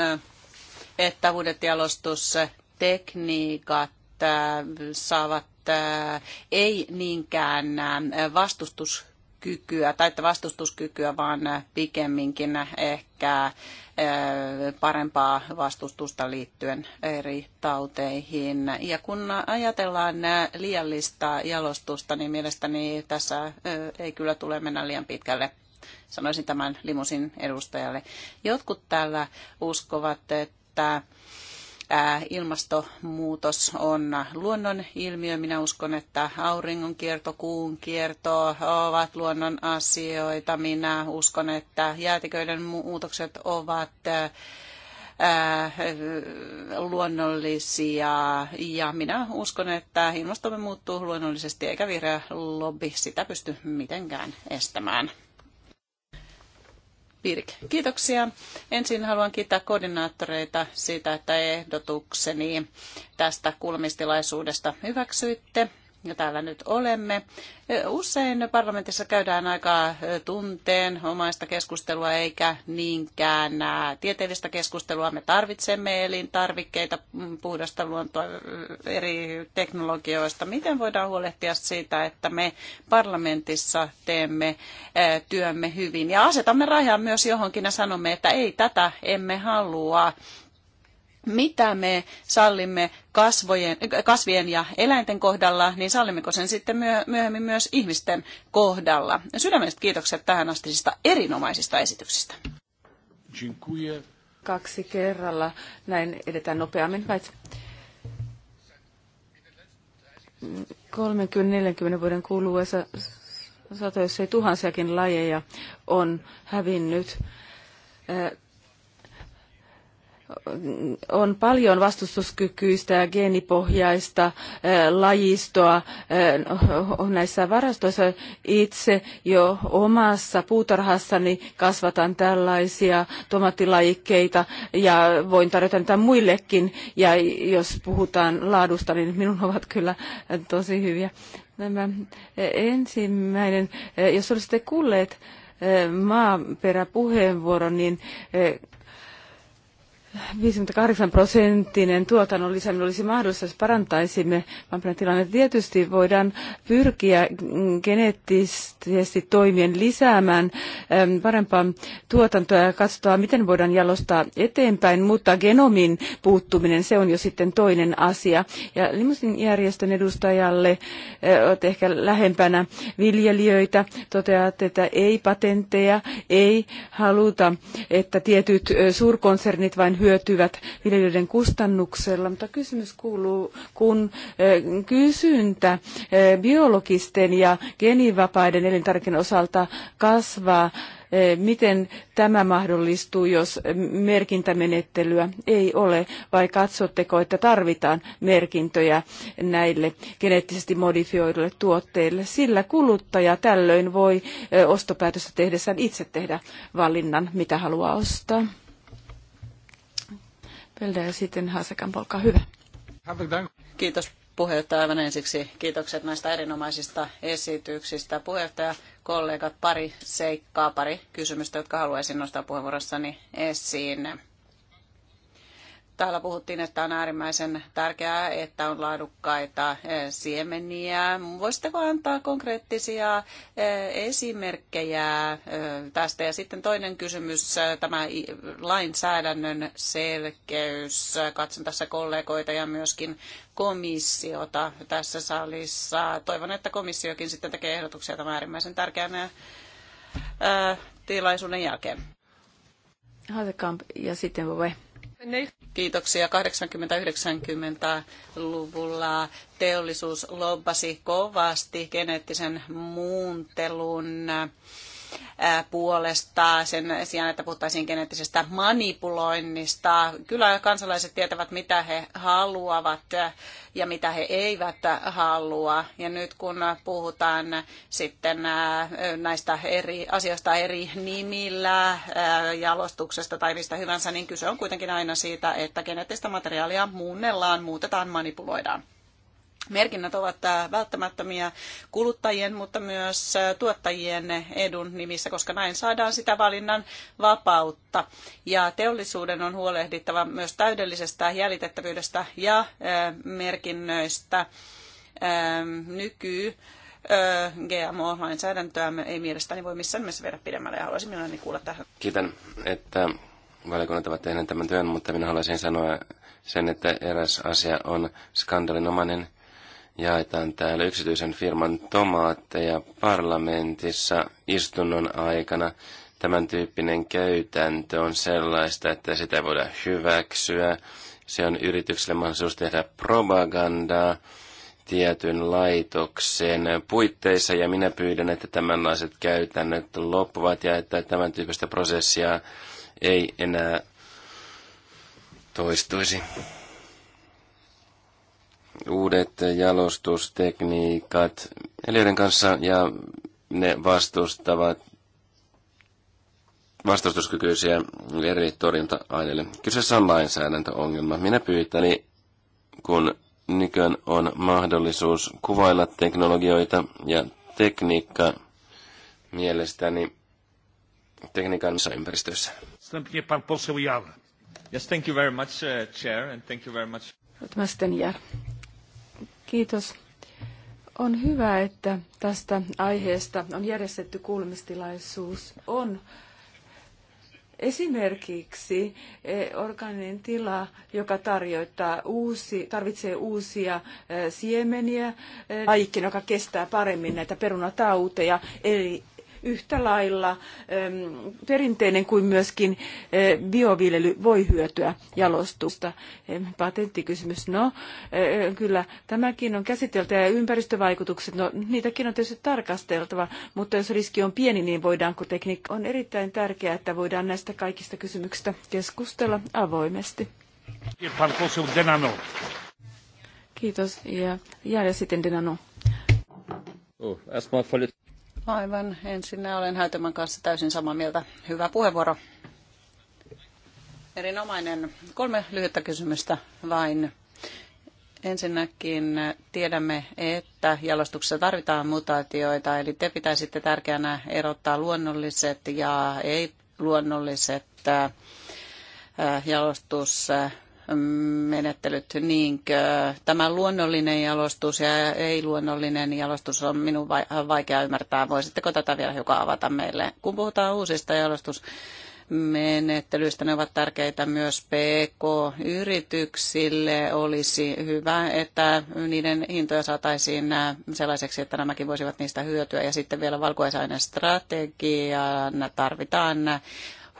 että uudet jalostustekniikat äh, saavat äh, ei niinkään äh, vastustus kykyä, tai että vastustuskykyä, vaan pikemminkin ehkä parempaa vastustusta liittyen eri tauteihin. Ja kun ajatellaan liiallista jalostusta, niin mielestäni tässä ei kyllä tule mennä liian pitkälle. Sanoisin tämän limusin edustajalle. Jotkut täällä uskovat, että ilmastonmuutos on luonnon ilmiö. Minä uskon, että auringon kierto, kuun kierto ovat luonnon asioita. Minä uskon, että jäätiköiden muutokset ovat luonnollisia ja minä uskon, että ilmastomme muuttuu luonnollisesti eikä vihreä lobby sitä pysty mitenkään estämään. Pirke. Kiitoksia. Ensin haluan kiittää koordinaattoreita siitä, että ehdotukseni tästä kulmistilaisuudesta hyväksyitte ja täällä nyt olemme. Usein parlamentissa käydään aika tunteen omaista keskustelua eikä niinkään tieteellistä keskustelua. Me tarvitsemme elintarvikkeita, mm, puhdasta luontoa eri teknologioista. Miten voidaan huolehtia siitä, että me parlamentissa teemme työmme hyvin ja asetamme rajan myös johonkin ja sanomme, että ei tätä emme halua mitä me sallimme kasvojen, kasvien ja eläinten kohdalla, niin sallimmeko sen sitten myöhemmin myös ihmisten kohdalla. Sydämelliset kiitokset tähän astisista erinomaisista esityksistä. Dziękuję. Kaksi kerralla. Näin edetään nopeammin. 30-40 vuoden kuluessa satoissa tuhansiakin lajeja on hävinnyt on paljon vastustuskykyistä ja geenipohjaista eh, lajistoa eh, näissä varastoissa. Itse jo omassa puutarhassani kasvatan tällaisia tomattilajikkeita ja voin tarjota niitä muillekin. Ja jos puhutaan laadusta, niin minun ovat kyllä tosi hyviä. Nämä eh, ensimmäinen, jos olisitte kuulleet maaperäpuheenvuoron, niin 58 prosenttinen tuotannon lisääminen olisi mahdollista, jos parantaisimme vampirin tilannetta. Tietysti voidaan pyrkiä mm, geneettisesti toimien lisäämään parempaa tuotantoa ja katsoa, miten voidaan jalostaa eteenpäin, mutta genomin puuttuminen, se on jo sitten toinen asia. Ja Limusin järjestön edustajalle, olet ehkä lähempänä viljelijöitä, toteatte, että ei patentteja, ei haluta, että tietyt suurkonsernit vain hyötyvät viljelijöiden kustannuksella. Mutta kysymys kuuluu, kun eh, kysyntä eh, biologisten ja geenivapaiden elintarvikkeiden osalta kasvaa, eh, miten tämä mahdollistuu, jos merkintämenettelyä ei ole, vai katsotteko, että tarvitaan merkintöjä näille geneettisesti modifioiduille tuotteille, sillä kuluttaja tällöin voi ostopäätöstä tehdessään itse tehdä valinnan, mitä haluaa ostaa. Pelder ja sitten Hasekan, olkaa hyvä. Kiitos puheenjohtaja aivan ensiksi. Kiitokset näistä erinomaisista esityksistä. Puheenjohtaja, kollegat, pari seikkaa, pari kysymystä, jotka haluaisin nostaa puheenvuorossani esiin. Täällä puhuttiin, että on äärimmäisen tärkeää, että on laadukkaita eh, siemeniä. Voisitteko antaa konkreettisia eh, esimerkkejä eh, tästä? Ja sitten toinen kysymys, tämä lainsäädännön selkeys. Katson tässä kollegoita ja myöskin komissiota tässä salissa. Toivon, että komissiokin sitten tekee ehdotuksia tämän äärimmäisen tärkeänä tilaisuuden jälkeen. Hasekamp ja sitten voi. Kiitoksia. 80-90-luvulla teollisuus lobbasi kovasti geneettisen muuntelun puolesta sen sijaan, että puhuttaisiin geneettisestä manipuloinnista. Kyllä kansalaiset tietävät, mitä he haluavat ja mitä he eivät halua. Ja nyt kun puhutaan sitten näistä eri asioista eri nimillä, jalostuksesta tai mistä hyvänsä, niin kyse on kuitenkin aina siitä, että geneettistä materiaalia muunnellaan, muutetaan, manipuloidaan. Merkinnät ovat äh, välttämättömiä kuluttajien, mutta myös äh, tuottajien edun nimissä, koska näin saadaan sitä valinnan vapautta. Ja teollisuuden on huolehdittava myös täydellisestä jäljitettävyydestä ja äh, merkinnöistä. Ähm, nyky GMO-lainsäädäntöä ei mielestäni voi missään nimessä viedä pidemmälle ja haluaisin mielelläni kuulla tähän. Kiitän, että valiokunnat ovat tehneet tämän työn, mutta minä haluaisin sanoa sen, että eräs asia on skandalinomainen – jaetaan täällä yksityisen firman tomaatteja parlamentissa istunnon aikana. Tämän tyyppinen käytäntö on sellaista, että sitä voidaan hyväksyä. Se on yritykselle mahdollisuus tehdä propagandaa tietyn laitoksen puitteissa, ja minä pyydän, että tämänlaiset käytännöt loppuvat ja että tämän tyyppistä prosessia ei enää toistuisi uudet jalostustekniikat eliöiden kanssa ja ne vastustavat vastustuskykyisiä eri torjunta-aineille. Kyseessä on lainsäädäntöongelma. Minä pyytäni, kun nykyään on mahdollisuus kuvailla teknologioita ja tekniikka mielestäni tekniikan ympäristössä. Yes, thank you very much, uh, chair, and thank you very much. Kiitos. On hyvä, että tästä aiheesta on järjestetty kuulemistilaisuus. On esimerkiksi e, organinen tila, joka tarjoittaa uusi, tarvitsee uusia e, siemeniä, laikin, e, joka kestää paremmin näitä perunatauteja, eli yhtä lailla ähm, perinteinen kuin myöskin äh, bioviljely voi hyötyä jalostusta. Patenttikysymys, no äh, kyllä tämäkin on käsiteltävä ja ympäristövaikutukset, no niitäkin on tietysti tarkasteltava, mutta jos riski on pieni, niin voidaanko tekniikka on erittäin tärkeää, että voidaan näistä kaikista kysymyksistä keskustella avoimesti. Kiitos. Ja, ja, ja sitten Denano. Oh, erstmal volle Aivan Ensin olen Häytömän kanssa täysin samaa mieltä. Hyvä puheenvuoro. Erinomainen. Kolme lyhyttä kysymystä vain. Ensinnäkin tiedämme, että jalostuksessa tarvitaan mutaatioita, eli te pitäisitte tärkeänä erottaa luonnolliset ja ei-luonnolliset äh, jalostus menettelyt, niin tämä luonnollinen jalostus ja ei-luonnollinen jalostus on minun vaikea ymmärtää. Voisitteko tätä vielä hiukan avata meille? Kun puhutaan uusista jalostusmenettelyistä, ne ovat tärkeitä myös PK-yrityksille. Olisi hyvä, että niiden hintoja saataisiin äh, sellaiseksi, että nämäkin voisivat niistä hyötyä. Ja sitten vielä valkuaisaineen strategia. tarvitaan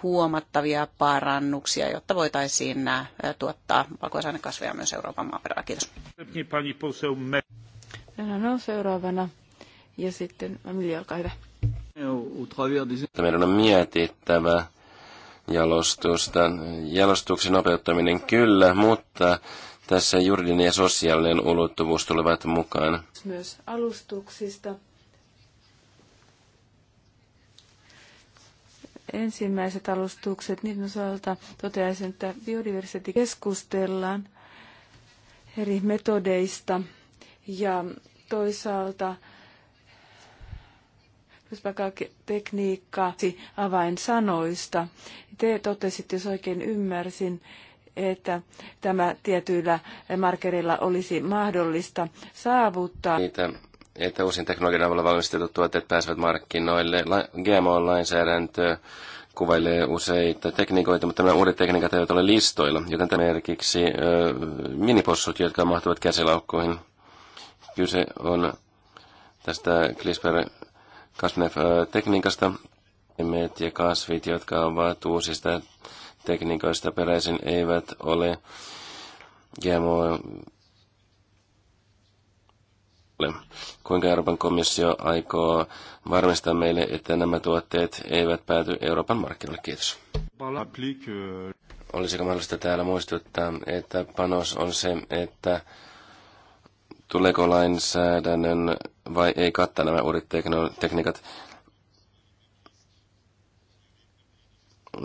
huomattavia parannuksia, jotta voitaisiin nämä tuottaa valkoisainekasveja myös Euroopan maaperällä. Kiitos. No, no, no, seuraavana. Ja sitten Amelia, olkaa hyvä. Meidän on mietittävä jalostusta. Jalostuksen nopeuttaminen kyllä, mutta tässä juridinen ja sosiaalinen ulottuvuus tulevat mukaan. Myös alustuksista ensimmäiset alustukset, niiden osalta toteaisin, että biodiversiteetti keskustellaan eri metodeista ja toisaalta tekniikka avainsanoista. Te totesitte, jos oikein ymmärsin, että tämä tietyillä markerilla olisi mahdollista saavuttaa. Niitä että uusin teknologian avulla valmistetut tuotteet pääsevät markkinoille. GMO-lainsäädäntö kuvailee useita tekniikoita, mutta nämä uudet tekniikat eivät ole listoilla, joten esimerkiksi ö, minipossut, jotka mahtuvat käsilaukkoihin. Kyse on tästä CRISPR cas tekniikasta Emet ja kasvit, jotka ovat uusista tekniikoista peräisin, eivät ole GMO Kuinka Euroopan komissio aikoo varmistaa meille, että nämä tuotteet eivät pääty Euroopan markkinoille? Kiitos. Olisiko mahdollista täällä muistuttaa, että panos on se, että tuleeko lainsäädännön vai ei kattaa nämä uudet tekniikat?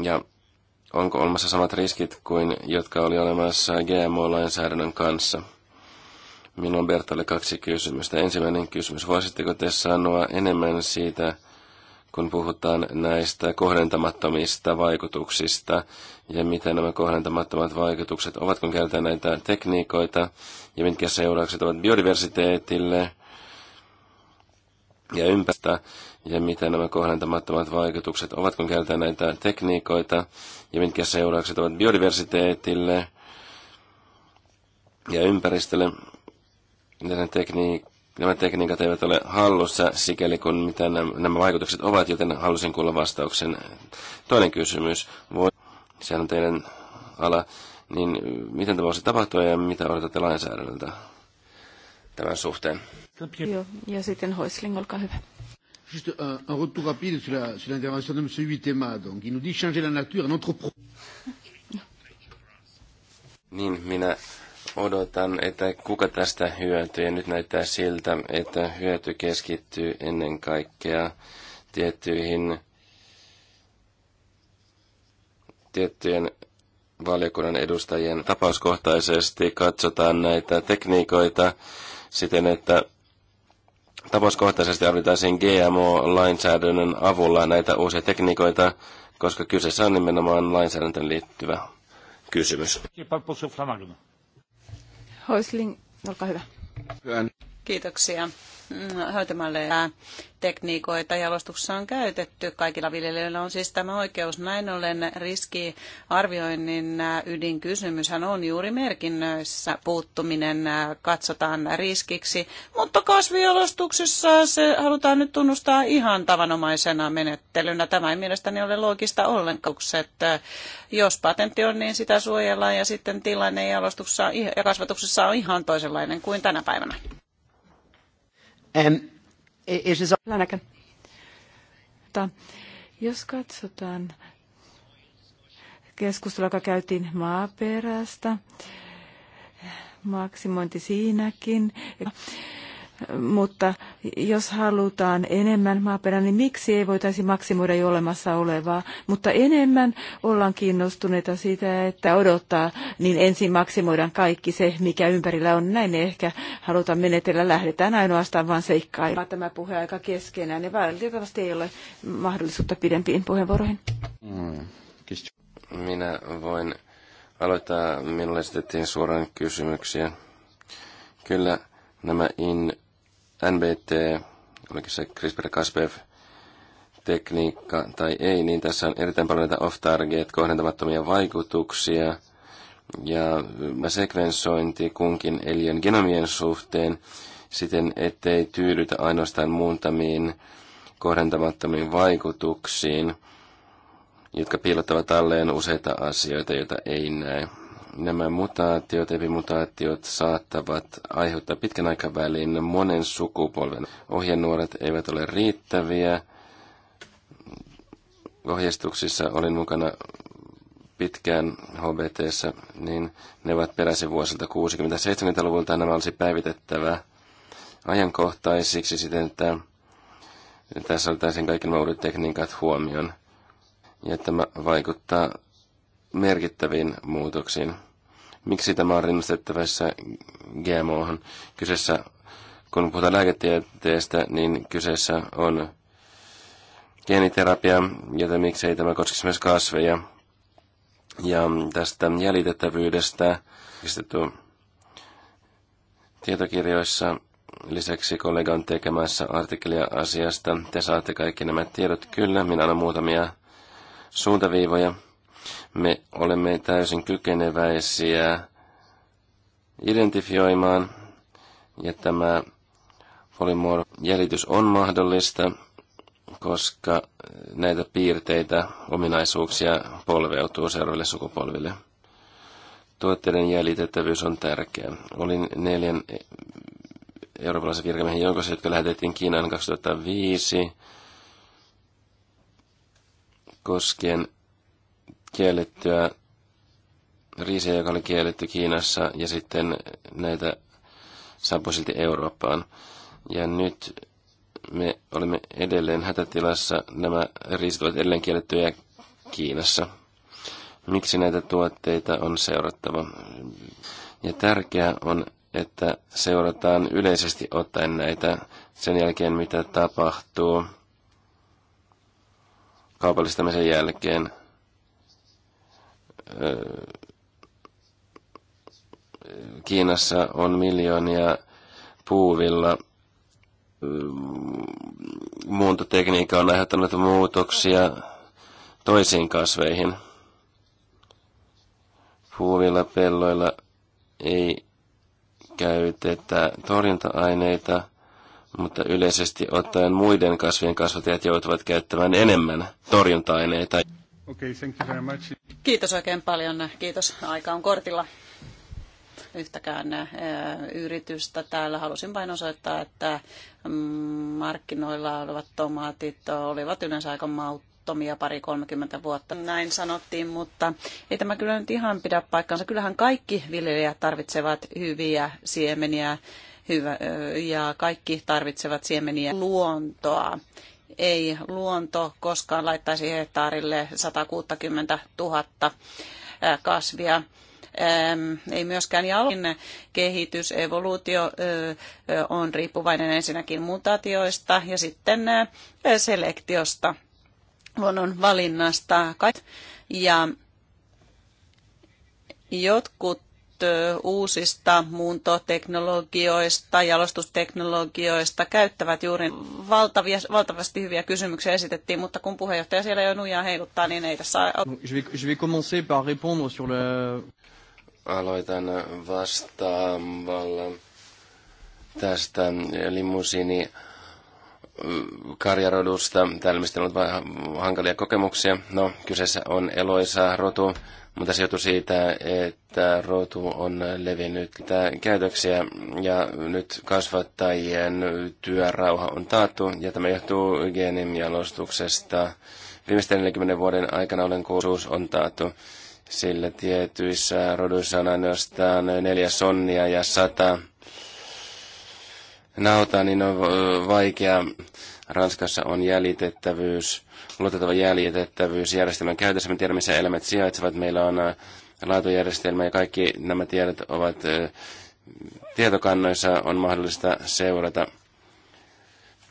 Ja onko olemassa samat riskit kuin jotka oli olemassa GMO-lainsäädännön kanssa? Minulla on Bertalle kaksi kysymystä. Ensimmäinen kysymys. Voisitteko te sanoa enemmän siitä, kun puhutaan näistä kohdentamattomista vaikutuksista ja mitä nämä kohdentamattomat vaikutukset ovat, kun käytetään näitä tekniikoita ja mitkä seuraukset ovat biodiversiteetille ja ympäristöä ja mitä nämä kohdentamattomat vaikutukset ovat, kun käytetään näitä tekniikoita ja mitkä seuraukset ovat biodiversiteetille ja ympäristölle ne tekniik- nämä tekniikat eivät ole hallussa sikäli kun mitä nämä vaikutukset ovat, joten halusin kuulla vastauksen. Toinen kysymys, voi, sehän on teidän ala, niin miten tämä voisi tapahtua ja mitä odotatte lainsäädännöltä tämän suhteen? Joo, ja sitten Hoisling, olkaa hyvä. Juste un, un retour rapide sur l'intervention de M. Huitema. Donc, il nous dit changer la nature en entreprise. Niin, minä odotan, että kuka tästä hyötyy. Ja nyt näyttää siltä, että hyöty keskittyy ennen kaikkea tiettyihin tiettyjen valiokunnan edustajien tapauskohtaisesti katsotaan näitä tekniikoita siten, että tapauskohtaisesti arvitaisiin GMO-lainsäädännön avulla näitä uusia tekniikoita, koska kyseessä on nimenomaan lainsäädäntöön liittyvä kysymys. Hoisling, olkaa hyvä. Kiitoksia hoitamalle tekniikoita jalostuksessa on käytetty. Kaikilla viljelijöillä on siis tämä oikeus. Näin ollen riskiarvioinnin ydinkysymyshän on juuri merkinnöissä puuttuminen katsotaan riskiksi, mutta kasvijalostuksessa se halutaan nyt tunnustaa ihan tavanomaisena menettelynä. Tämä ei mielestäni ole loogista ollenkaan, että jos patentti on, niin sitä suojellaan ja sitten tilanne jalostuksessa ja kasvatuksessa on ihan toisenlainen kuin tänä päivänä. Siis jos katsotaan keskustelua, joka käytiin maaperästä, maksimointi siinäkin mutta jos halutaan enemmän maaperää, niin miksi ei voitaisi maksimoida jo olemassa olevaa? Mutta enemmän ollaan kiinnostuneita siitä, että odottaa, niin ensin maksimoidaan kaikki se, mikä ympärillä on. Näin ei ehkä haluta menetellä. Lähdetään ainoastaan vain seikkailemaan tämä puheaika keskenään. Ja valitettavasti ei ole mahdollisuutta pidempiin puheenvuoroihin. Minä voin aloittaa, minulle suoraan kysymyksiä. Kyllä nämä in NBT, olikin se CRISPR-Cas9 tekniikka tai ei, niin tässä on erittäin paljon näitä off-target, kohdentamattomia vaikutuksia ja sekvensointi kunkin eliön genomien suhteen siten, ettei tyydytä ainoastaan muuntamiin kohdentamattomiin vaikutuksiin, jotka piilottavat alleen useita asioita, joita ei näe. Nämä mutaatiot, epimutaatiot saattavat aiheuttaa pitkän aikavälin monen sukupolven. Ohjenuoret eivät ole riittäviä. Ohjeistuksissa olin mukana pitkään hbt niin ne ovat peräisin vuosilta 60-70-luvulta. Nämä olisi päivitettävä ajankohtaisiksi siten, että tässä otetaan kaiken tekniikat huomioon. Ja tämä vaikuttaa merkittäviin muutoksiin. Miksi tämä on rinnastettavissa GMOhan? Kyseessä, kun puhutaan lääketieteestä, niin kyseessä on geeniterapia, joten miksei tämä koskisi myös kasveja. Ja tästä jäljitettävyydestä tietokirjoissa lisäksi kollega on tekemässä artikkelia asiasta. Te saatte kaikki nämä tiedot. Kyllä, minä annan muutamia suuntaviivoja. Me olemme täysin kykeneväisiä identifioimaan, ja tämä polymorf-jäljitys on mahdollista, koska näitä piirteitä, ominaisuuksia polveutuu seuraaville sukupolville. Tuotteiden jäljitettävyys on tärkeä. Olin neljän eurooppalaisen virkamiehen joukossa, jotka lähetettiin Kiinaan 2005 koskien kiellettyä riisiä, joka oli kielletty Kiinassa, ja sitten näitä saapui silti Eurooppaan. Ja nyt me olemme edelleen hätätilassa. Nämä riisit ovat edelleen kiellettyjä Kiinassa. Miksi näitä tuotteita on seurattava? Ja tärkeää on, että seurataan yleisesti ottaen näitä sen jälkeen, mitä tapahtuu kaupallistamisen jälkeen. Kiinassa on miljoonia puuvilla. Muuntotekniikka on aiheuttanut muutoksia toisiin kasveihin. Puuvilla pelloilla ei käytetä torjunta-aineita, mutta yleisesti ottaen muiden kasvien kasvatajat joutuvat käyttämään enemmän torjunta-aineita. Okay, thank you very much. Kiitos oikein paljon. Kiitos. Aika on kortilla yhtäkään yritystä täällä. Halusin vain osoittaa, että mm, markkinoilla olevat tomaatit olivat yleensä aika mauttomia pari 30 vuotta. Näin sanottiin, mutta ei tämä kyllä nyt ihan pidä paikkaansa. Kyllähän kaikki viljelijät tarvitsevat hyviä siemeniä hyvä, ja kaikki tarvitsevat siemeniä luontoa ei luonto koskaan laittaisi hehtaarille 160 000 kasvia. Ei myöskään jalkin kehitys, evoluutio on riippuvainen ensinnäkin mutaatioista ja sitten selektiosta, luonnon valinnasta. Ja jotkut uusista muuntoteknologioista, jalostusteknologioista käyttävät juuri valtavia, valtavasti hyviä kysymyksiä esitettiin, mutta kun puheenjohtaja siellä jo nujaa heiluttaa, niin ei tässä... Je vais, commencer par répondre sur le... Aloitan vastaamalla tästä limusini karjarodusta. Täällä on ollut hankalia kokemuksia. No, kyseessä on eloisa rotu mutta se johtuu siitä, että rotu on levinnyt käytöksiä ja nyt kasvattajien työrauha on taattu ja tämä johtuu geeninjalostuksesta. Viimeisten 40 vuoden aikana olen kuuluisuus on taattu, sillä tietyissä roduissa on ainoastaan neljä sonnia ja sata nautaa, niin on vaikea. Ranskassa on jäljitettävyys luotettava jäljitettävyysjärjestelmän käytössä. Me tiedämme, missä elämät sijaitsevat. Meillä on äh, laatujärjestelmä ja kaikki nämä tiedot ovat äh, tietokannoissa. On mahdollista seurata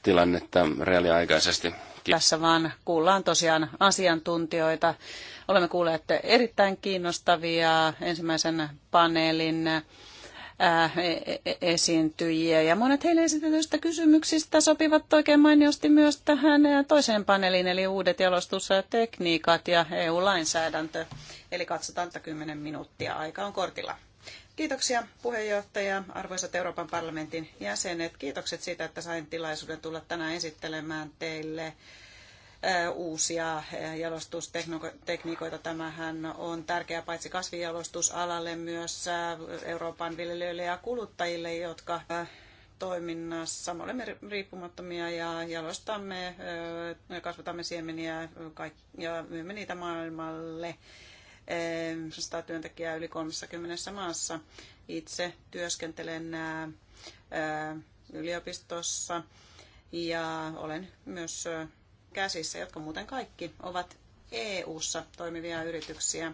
tilannetta reaaliaikaisesti. Tässä vaan kuullaan tosiaan asiantuntijoita. Olemme kuulleet erittäin kiinnostavia ensimmäisen paneelin Äh, e-, e-, esiintyjiä. Ja monet heille esitetyistä kysymyksistä sopivat oikein mainiosti myös tähän äh, toiseen paneeliin, eli uudet jalostustekniikat ja EU-lainsäädäntö. Eli katsotaan 10 minuuttia aika on kortilla. Kiitoksia puheenjohtaja, arvoisat Euroopan parlamentin jäsenet. Kiitokset siitä, että sain tilaisuuden tulla tänään esittelemään teille uusia jalostustekniikoita. Tämähän on tärkeää paitsi kasvijalostusalalle myös Euroopan viljelijöille ja kuluttajille, jotka toiminnassa. Me olemme riippumattomia ja jalostamme, kasvatamme siemeniä ja myymme niitä maailmalle. 100 työntekijää yli 30 maassa. Itse työskentelen yliopistossa ja olen myös käsissä, jotka muuten kaikki ovat EU-ssa toimivia yrityksiä.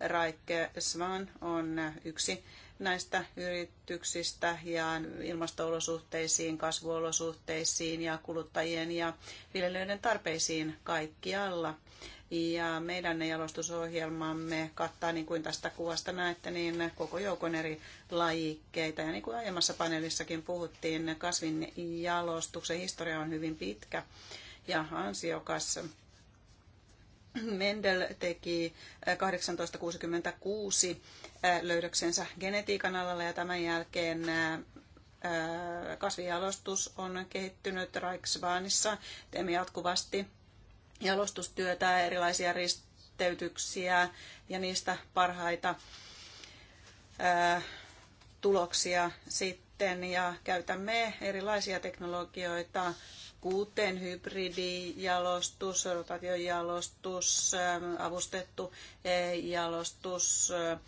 Raikke Svan on yksi näistä yrityksistä ja ilmastoolosuhteisiin, kasvuolosuhteisiin ja kuluttajien ja viljelijöiden tarpeisiin kaikkialla. Ja meidän jalostusohjelmamme kattaa, niin kuin tästä kuvasta näette, niin koko joukon eri lajikkeita. Ja niin kuin aiemmassa paneelissakin puhuttiin, kasvin jalostuksen historia on hyvin pitkä ja ansiokas. Mendel teki 1866 äh, äh, löydöksensä genetiikan alalla ja tämän jälkeen äh, kasvijalostus on kehittynyt Reichsbahnissa. Teemme jatkuvasti jalostustyötä, erilaisia risteytyksiä ja niistä parhaita tuloksia sitten ja käytämme erilaisia teknologioita kuten hybridijalostus, rotaatiojalostus, ähm, avustettu eh, jalostus. Eh,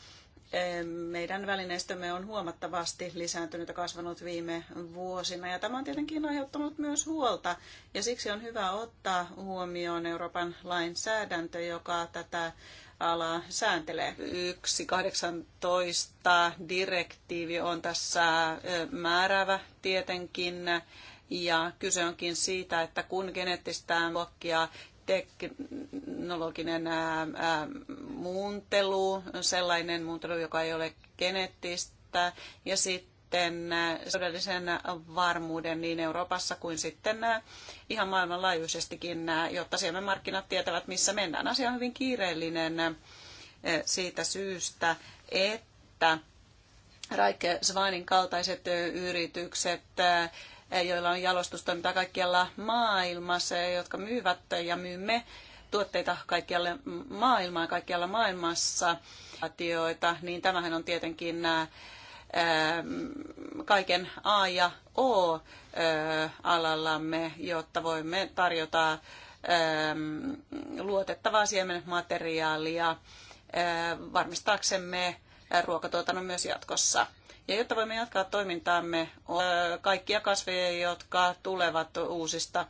meidän välineistömme on huomattavasti lisääntynyt ja kasvanut viime vuosina ja tämä on tietenkin aiheuttanut myös huolta ja siksi on hyvä ottaa huomioon Euroopan lainsäädäntö, joka tätä ala sääntelee. 1.18 direktiivi on tässä eh, määrävä tietenkin ja kyse onkin siitä, että kun geneettistä muokkia teknologinen ää, ää, muuntelu, sellainen muuntelu, joka ei ole geneettistä, ja sitten todellisen varmuuden niin Euroopassa kuin sitten ihan maailmanlaajuisestikin, jotta markkinat tietävät, missä mennään. Asia on hyvin kiireellinen siitä syystä, että Raike Svainin kaltaiset yritykset Eh, joilla on jalostustoimintaa kaikkialla maailmassa ja jotka myyvät ja myymme tuotteita kaikkialle maailmaan, kaikkialla maailmassa, niin tämähän on tietenkin nämä eh, mm, kaiken A ja O eh, alallamme, jotta voimme tarjota mm, luotettavaa siemenmateriaalia varmistaaksemme ruokatuotannon myös jatkossa. Ja jotta voimme jatkaa toimintaamme, kaikkia kasveja, jotka tulevat uusista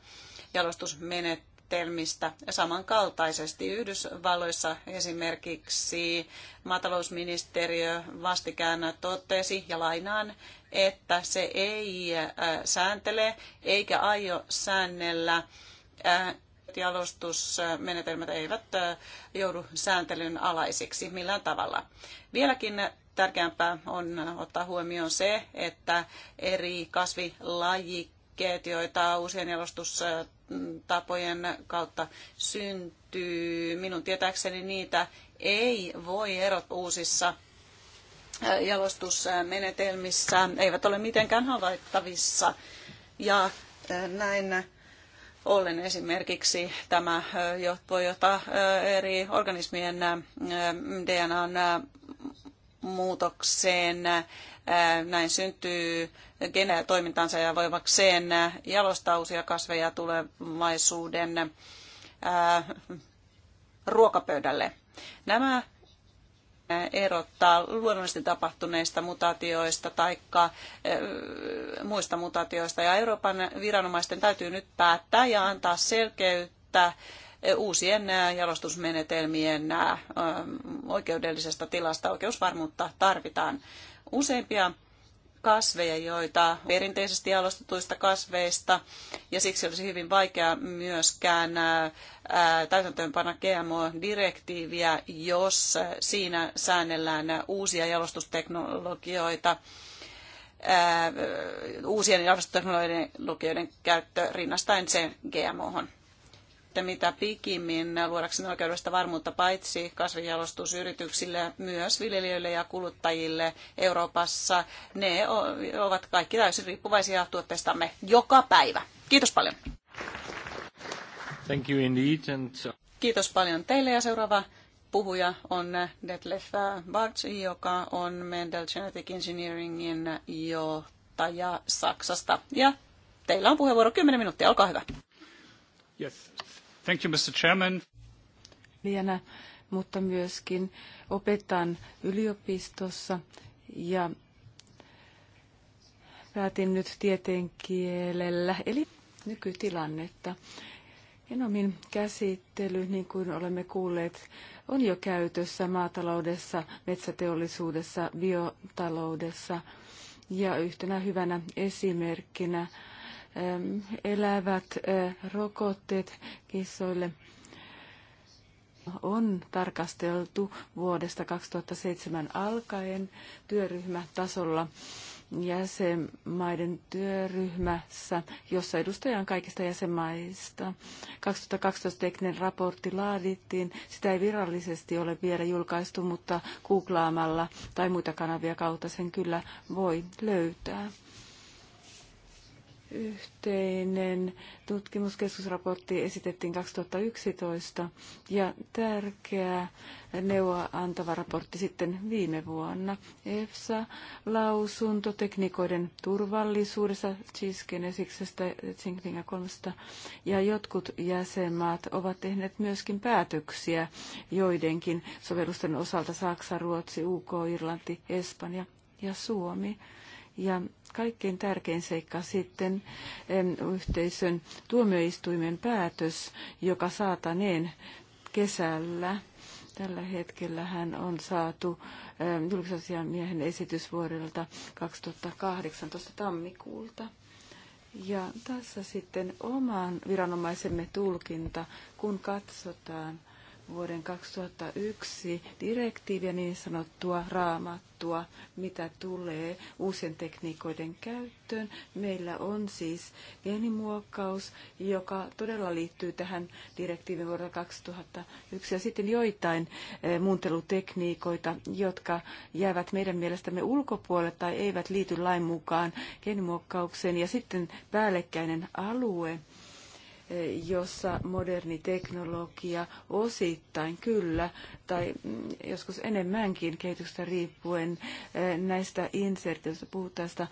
jalostusmenetelmistä samankaltaisesti. Yhdysvalloissa esimerkiksi maatalousministeriö vastikään totesi ja lainaan, että se ei sääntele eikä aio säännellä jalostusmenetelmät eivät joudu sääntelyn alaisiksi millään tavalla. Vieläkin tärkeämpää on ottaa huomioon se, että eri kasvilajikkeet, joita uusien jalostustapojen kautta syntyy, minun tietääkseni niitä ei voi erot uusissa äh, jalostusmenetelmissä, eivät ole mitenkään havaittavissa. Ja äh, näin ollen esimerkiksi tämä äh, voi johtaa eri organismien DNAn muutokseen. Näin syntyy geneä toimintansa ja voimakseen jalostaa uusia kasveja tulevaisuuden ruokapöydälle. Nämä erottaa luonnollisesti tapahtuneista mutaatioista tai muista mutaatioista. Ja Euroopan viranomaisten täytyy nyt päättää ja antaa selkeyttä uusien jalostusmenetelmien oikeudellisesta tilasta oikeusvarmuutta tarvitaan. Useimpia kasveja, joita perinteisesti jalostetuista kasveista, ja siksi olisi hyvin vaikea myöskään täytäntöönpana GMO-direktiiviä, jos siinä säännellään uusia jalostusteknologioita, uusien jalostusteknologioiden käyttö rinnastaen sen GMO-hon sitten mitä pikimmin luodaksemme oikeudesta varmuutta paitsi kasvijalostusyrityksille, myös viljelijöille ja kuluttajille Euroopassa. Ne ovat kaikki täysin riippuvaisia tuotteistamme joka päivä. Kiitos paljon. Thank you indeed. And... Uh, Kiitos paljon teille ja seuraava puhuja on Detlef Bartz, joka on Mendel Genetic Engineeringin johtaja Saksasta. Ja teillä on puheenvuoro 10 minuuttia, olkaa hyvä. Yes, Thank you, Mr. Chairman. mutta myöskin opetan yliopistossa ja päätin nyt tieteenkielellä, eli nykytilannetta. Enomin käsittely, niin kuin olemme kuulleet, on jo käytössä maataloudessa, metsäteollisuudessa, biotaloudessa. Ja yhtenä hyvänä esimerkkinä elävät rokotteet kissoille on tarkasteltu vuodesta 2007 alkaen työryhmätasolla jäsenmaiden työryhmässä, jossa edustaja on kaikista jäsenmaista. 2012 tekninen raportti laadittiin. Sitä ei virallisesti ole vielä julkaistu, mutta googlaamalla tai muita kanavia kautta sen kyllä voi löytää. Yhteinen tutkimuskeskusraportti esitettiin 2011 ja tärkeä neuvoa antava raportti sitten viime vuonna. EFSA-lausunto tekniikoiden turvallisuudessa Chiskenesiksestä tsingtinga 300 ja jotkut jäsenmaat ovat tehneet myöskin päätöksiä joidenkin sovellusten osalta Saksa, Ruotsi, UK, Irlanti, Espanja ja Suomi. Ja kaikkein tärkein seikka sitten yhteisön tuomioistuimen päätös, joka saataneen kesällä. Tällä hetkellä hän on saatu julkisasiamiehen esitys vuodelta 2018 tammikuulta. Ja tässä sitten oman viranomaisemme tulkinta, kun katsotaan vuoden 2001 direktiiviä, niin sanottua raamattua, mitä tulee uusien tekniikoiden käyttöön. Meillä on siis geenimuokkaus, joka todella liittyy tähän direktiivin vuodelta 2001, ja sitten joitain eh, muuntelutekniikoita, jotka jäävät meidän mielestämme ulkopuolelle tai eivät liity lain mukaan geenimuokkaukseen, ja sitten päällekkäinen alue, jossa moderni teknologia osittain kyllä, tai mm, joskus enemmänkin kehityksestä riippuen eh, näistä insertioista, puhutaan eh,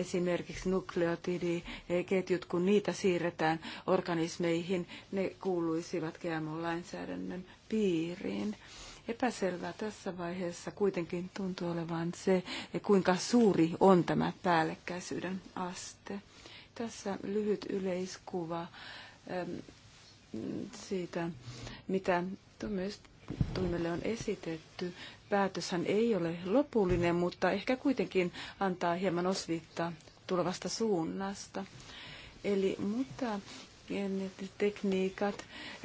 esimerkiksi nukleotidiketjut, kun niitä siirretään organismeihin, ne kuuluisivat GMO-lainsäädännön piiriin. Epäselvää tässä vaiheessa kuitenkin tuntuu olevan se, kuinka suuri on tämä päällekkäisyyden aste. Tässä lyhyt yleiskuva ähm, siitä, mitä tuomioistuimelle on esitetty. Päätöshän ei ole lopullinen, mutta ehkä kuitenkin antaa hieman osviittaa tulevasta suunnasta. Eli mutta tekniikat,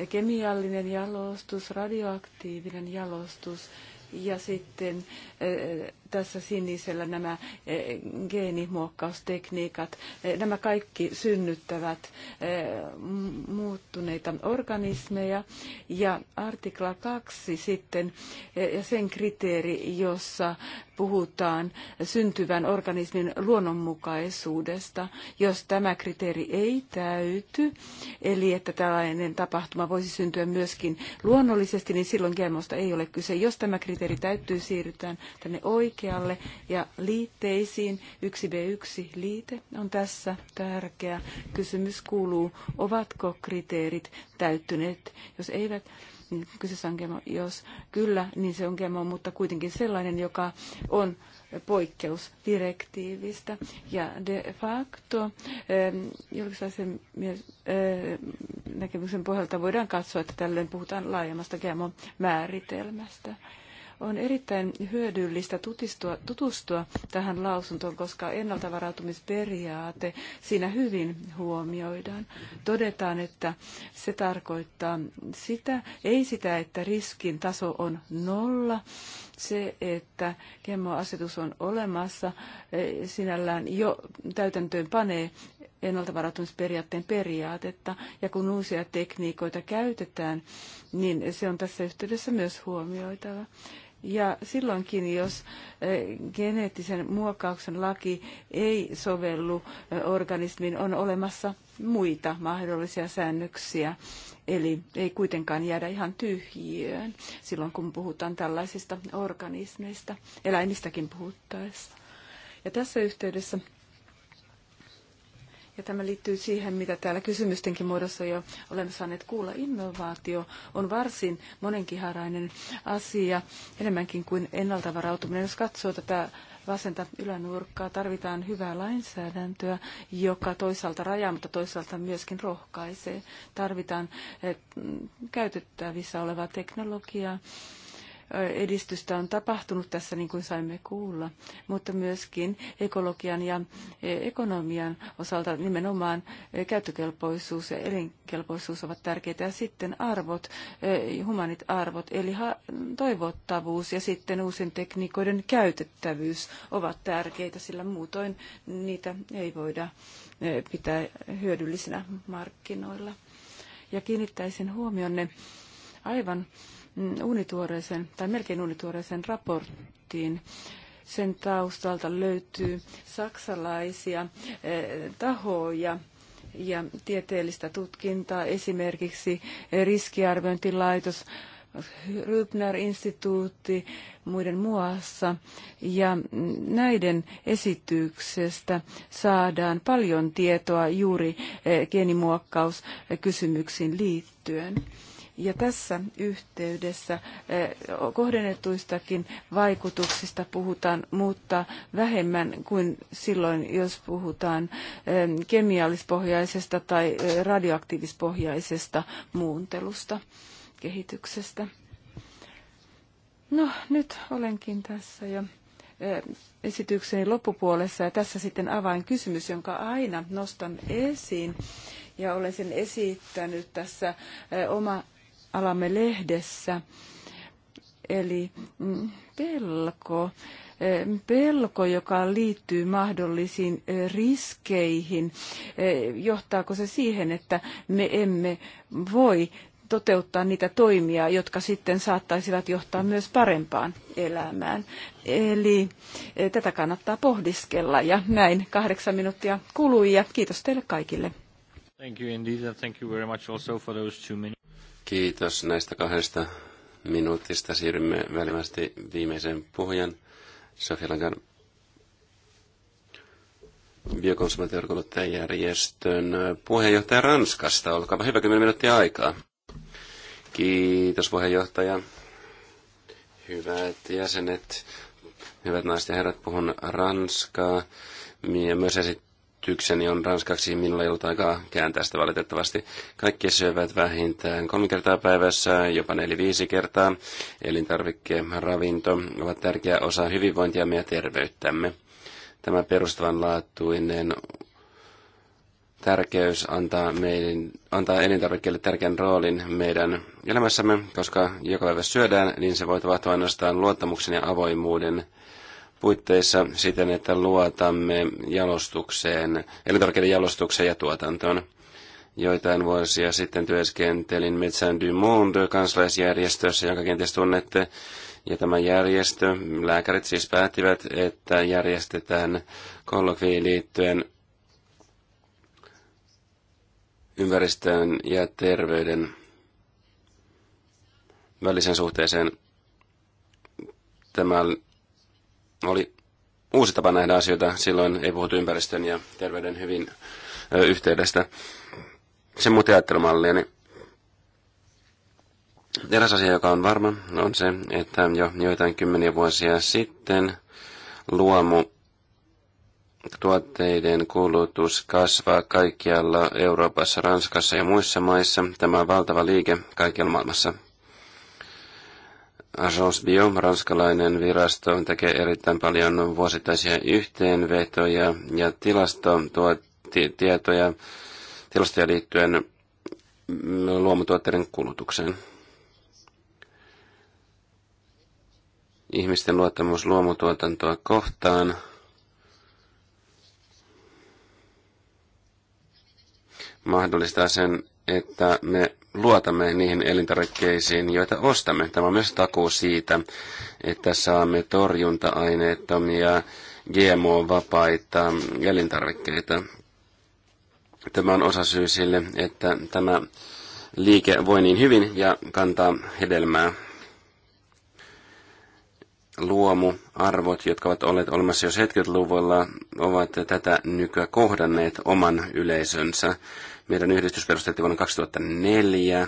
kemiallinen jalostus, radioaktiivinen jalostus ja sitten äh, tässä sinisellä nämä eh, geenimuokkaustekniikat. Eh, nämä kaikki synnyttävät eh, muuttuneita organismeja. Ja artikla 2 sitten ja sen kriteeri, jossa puhutaan syntyvän organismin luonnonmukaisuudesta, jos tämä kriteeri ei täyty, eli että tällainen tapahtuma voisi syntyä myöskin luonnollisesti, niin silloin GMOsta ei ole kyse. Jos tämä kriteeri täyttyy, siirrytään tänne oikein oikealle ja liitteisiin. 1B1 liite on tässä tärkeä. Kysymys kuuluu, ovatko kriteerit täyttyneet? Jos eivät, niin kyseessä on gemo. Jos kyllä, niin se on gemo, mutta kuitenkin sellainen, joka on poikkeus direktiivistä. Ja de facto julkisen näkemyksen pohjalta voidaan katsoa, että tällöin puhutaan laajemmasta gemo-määritelmästä. On erittäin hyödyllistä tutustua, tutustua tähän lausuntoon, koska ennaltavarautumisperiaate siinä hyvin huomioidaan. Todetaan, että se tarkoittaa sitä, ei sitä, että riskin taso on nolla, se, että GMO-asetus on olemassa, eh, sinällään jo täytäntöön panee ennaltavarautumisperiaatteen periaatetta, ja kun uusia tekniikoita käytetään, niin se on tässä yhteydessä myös huomioitava. Ja silloinkin, jos eh, geneettisen muokkauksen laki ei sovellu eh, organismiin, on olemassa muita mahdollisia säännöksiä. Eli ei kuitenkaan jäädä ihan tyhjiöön silloin, kun puhutaan tällaisista organismeista, eläimistäkin puhuttaessa. Ja tässä yhteydessä ja tämä liittyy siihen, mitä täällä kysymystenkin muodossa jo olemme saaneet kuulla. Innovaatio on varsin monenkiharainen asia, enemmänkin kuin ennalta varautuminen. Jos katsoo tätä vasenta ylänurkkaa, tarvitaan hyvää lainsäädäntöä, joka toisaalta rajaa, mutta toisaalta myöskin rohkaisee. Tarvitaan eh, käytettävissä olevaa teknologiaa edistystä on tapahtunut tässä, niin kuin saimme kuulla, mutta myöskin ekologian ja e, ekonomian osalta nimenomaan e, käyttökelpoisuus ja elinkelpoisuus ovat tärkeitä. Ja sitten arvot, e, humanit arvot, eli toivottavuus ja sitten uusien tekniikoiden käytettävyys ovat tärkeitä, sillä muutoin niitä ei voida pitää hyödyllisinä markkinoilla. Ja kiinnittäisin huomionne aivan Mm, unituoreeseen tai melkein unituoreeseen raporttiin. Sen taustalta löytyy saksalaisia eh, tahoja ja tieteellistä tutkintaa, esimerkiksi riskiarviointilaitos, Rübner-instituutti muiden muassa. Ja mm, näiden esityksestä saadaan paljon tietoa juuri eh, geenimuokkauskysymyksiin liittyen. Ja tässä yhteydessä eh, kohdennetuistakin vaikutuksista puhutaan, mutta vähemmän kuin silloin, jos puhutaan eh, kemiallispohjaisesta tai eh, radioaktiivispohjaisesta muuntelusta, kehityksestä. No, nyt olenkin tässä jo esitykseni loppupuolessa ja tässä sitten avainkysymys, jonka aina nostan esiin ja olen sen esittänyt tässä oma alamme lehdessä. Eli mm, pelko, eh, pelko, joka liittyy mahdollisiin eh, riskeihin, eh, johtaako se siihen, että me emme voi toteuttaa niitä toimia, jotka sitten saattaisivat johtaa myös parempaan elämään. Eli tätä kannattaa pohdiskella ja näin kahdeksan minuuttia kului ja kiitos teille kaikille. Thank you Kiitos näistä kahdesta minuutista. Siirrymme välimästi viimeisen puhujan, Sofia Langan biokonsumaatiorkuluttajajärjestön puheenjohtaja Ranskasta. Olkaapa hyvä, 10 minuuttia aikaa. Kiitos puheenjohtaja. Hyvät jäsenet, hyvät naiset ja herrat, puhun Ranskaa. Minä myös esit- Tykseni on ranskaksi, minulla ei ollut aikaa kääntää sitä valitettavasti. Kaikki syövät vähintään kolme kertaa päivässä, jopa neljä-viisi kertaa. Elintarvikke, ravinto ovat tärkeä osa hyvinvointia ja terveyttämme. Tämä perustavanlaatuinen tärkeys antaa, meidän, antaa elintarvikkeille tärkeän roolin meidän elämässämme, koska joka päivä syödään, niin se voi tapahtua ainoastaan luottamuksen ja avoimuuden puitteissa siten, että luotamme jalostukseen, elintarvikkeiden jalostukseen ja tuotantoon. Joitain vuosia sitten työskentelin Metsän du Monde kansalaisjärjestössä, jonka kenties tunnette. Ja tämä järjestö, lääkärit siis päättivät, että järjestetään kollokviin liittyen ympäristön ja terveyden välisen suhteeseen. Tämä oli uusi tapa nähdä asioita. Silloin ei puhuttu ympäristön ja terveyden hyvin ö, yhteydestä. Se muutti ajattelumallia. Niin eräs asia, joka on varma, on se, että jo joitain kymmeniä vuosia sitten luomu tuotteiden kulutus kasvaa kaikkialla Euroopassa, Ranskassa ja muissa maissa. Tämä on valtava liike kaikkialla maailmassa. Agence Biom, ranskalainen virasto, tekee erittäin paljon vuosittaisia yhteenvetoja ja tilasto tuo tietoja, tilastoja liittyen luomutuotteiden kulutukseen. Ihmisten luottamus luomutuotantoa kohtaan mahdollistaa sen, että me luotamme niihin elintarvikkeisiin, joita ostamme. Tämä on myös takuu siitä, että saamme torjunta-aineettomia GMO-vapaita elintarvikkeita. Tämä on osa syy sille, että tämä liike voi niin hyvin ja kantaa hedelmää. Luomuarvot, jotka ovat olleet olemassa jo 70-luvulla, ovat tätä nykyä kohdanneet oman yleisönsä. Meidän yhdistys perustettiin vuonna 2004.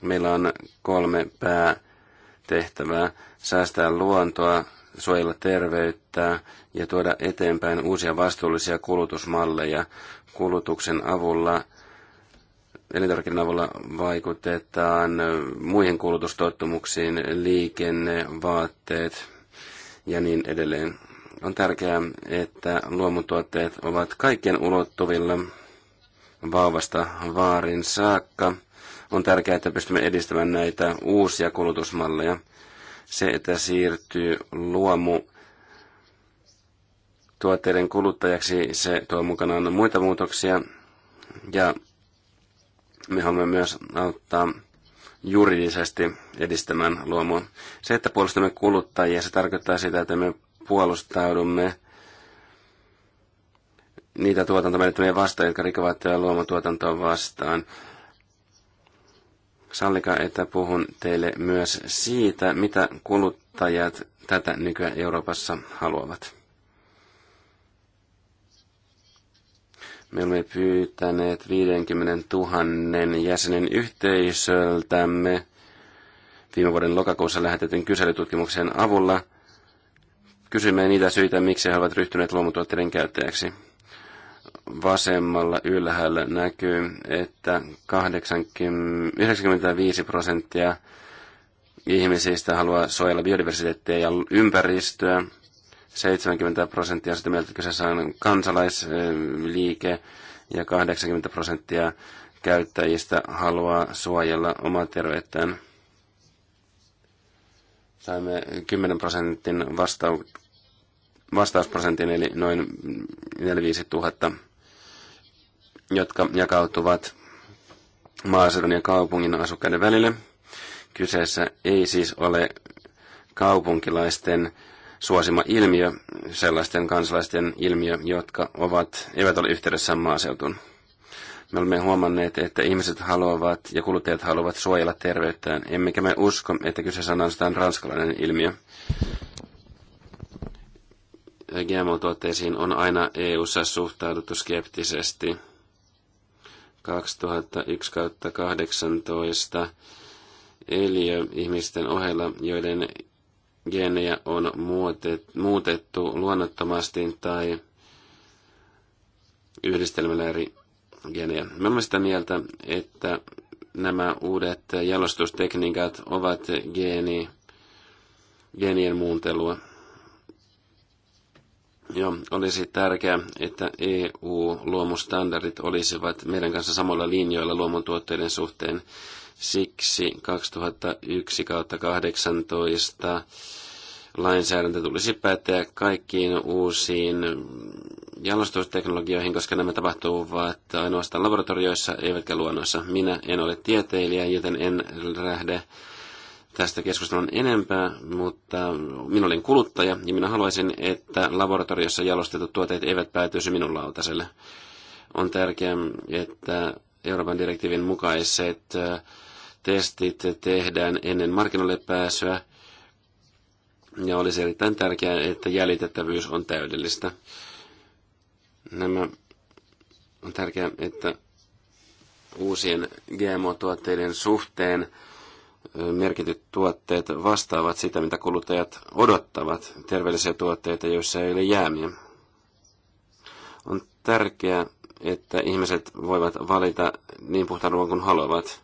Meillä on kolme päätehtävää. Säästää luontoa, suojella terveyttä ja tuoda eteenpäin uusia vastuullisia kulutusmalleja. Kulutuksen avulla, elintarvikkeen avulla vaikutetaan muihin kulutustottumuksiin, liikenne, vaatteet ja niin edelleen. On tärkeää, että luomutuotteet ovat kaikkien ulottuvilla vauvasta vaarin saakka. On tärkeää, että pystymme edistämään näitä uusia kulutusmalleja. Se, että siirtyy luomu tuotteiden kuluttajaksi, se tuo mukanaan muita muutoksia. Ja me haluamme myös auttaa juridisesti edistämään luomua. Se, että puolustamme kuluttajia, se tarkoittaa sitä, että me puolustaudumme niitä tuotantomenettelyjä vastaan, jotka rikovat luomutuotantoa vastaan. Sallikaa, että puhun teille myös siitä, mitä kuluttajat tätä nykyä Euroopassa haluavat. Me olemme pyytäneet 50 000 jäsenen yhteisöltämme viime vuoden lokakuussa lähetetyn kyselytutkimuksen avulla. Kysymme niitä syitä, miksi he ovat ryhtyneet luomutuotteiden käyttäjäksi vasemmalla ylhäällä näkyy, että 80, 95 prosenttia ihmisistä haluaa suojella biodiversiteettiä ja ympäristöä. 70 prosenttia on sitä mieltä, että kyseessä on kansalaisliike ja 80 prosenttia käyttäjistä haluaa suojella omaa terveyttään. Saimme 10 prosentin vastau- vastausprosentin, eli noin 4-5 tuhatta, jotka jakautuvat maaseudun ja kaupungin asukkaiden välille. Kyseessä ei siis ole kaupunkilaisten suosima ilmiö, sellaisten kansalaisten ilmiö, jotka ovat, eivät ole yhteydessä maaseutuun. Me olemme huomanneet, että ihmiset haluavat ja kuluttajat haluavat suojella terveyttään, emmekä me usko, että kyseessä on ranskalainen ilmiö. GMO-tuotteisiin on aina EU-ssa suhtauduttu skeptisesti. 2001-18 eliö ihmisten ohella, joiden geenejä on muutettu luonnottomasti tai yhdistelmällä eri geenejä. Me olemme sitä mieltä, että nämä uudet jalostustekniikat ovat geeni, geenien muuntelua jo olisi tärkeää, että EU-luomustandardit olisivat meidän kanssa samalla linjoilla luomutuotteiden suhteen. Siksi 2001-18 lainsäädäntö tulisi päättää kaikkiin uusiin jalostusteknologioihin, koska nämä tapahtuvat ainoastaan laboratorioissa eivätkä luonnossa. Minä en ole tieteilijä, joten en lähde tästä keskustelun enempää, mutta minä olen kuluttaja ja minä haluaisin, että laboratoriossa jalostetut tuotteet eivät päätyisi minun lautaselle. On tärkeää, että Euroopan direktiivin mukaiset testit tehdään ennen markkinoille pääsyä ja olisi erittäin tärkeää, että jäljitettävyys on täydellistä. Nämä on tärkeää, että uusien GMO-tuotteiden suhteen merkityt tuotteet vastaavat sitä, mitä kuluttajat odottavat, terveellisiä tuotteita, joissa ei ole jäämiä. On tärkeää, että ihmiset voivat valita niin puhtaan ruoan kuin haluavat.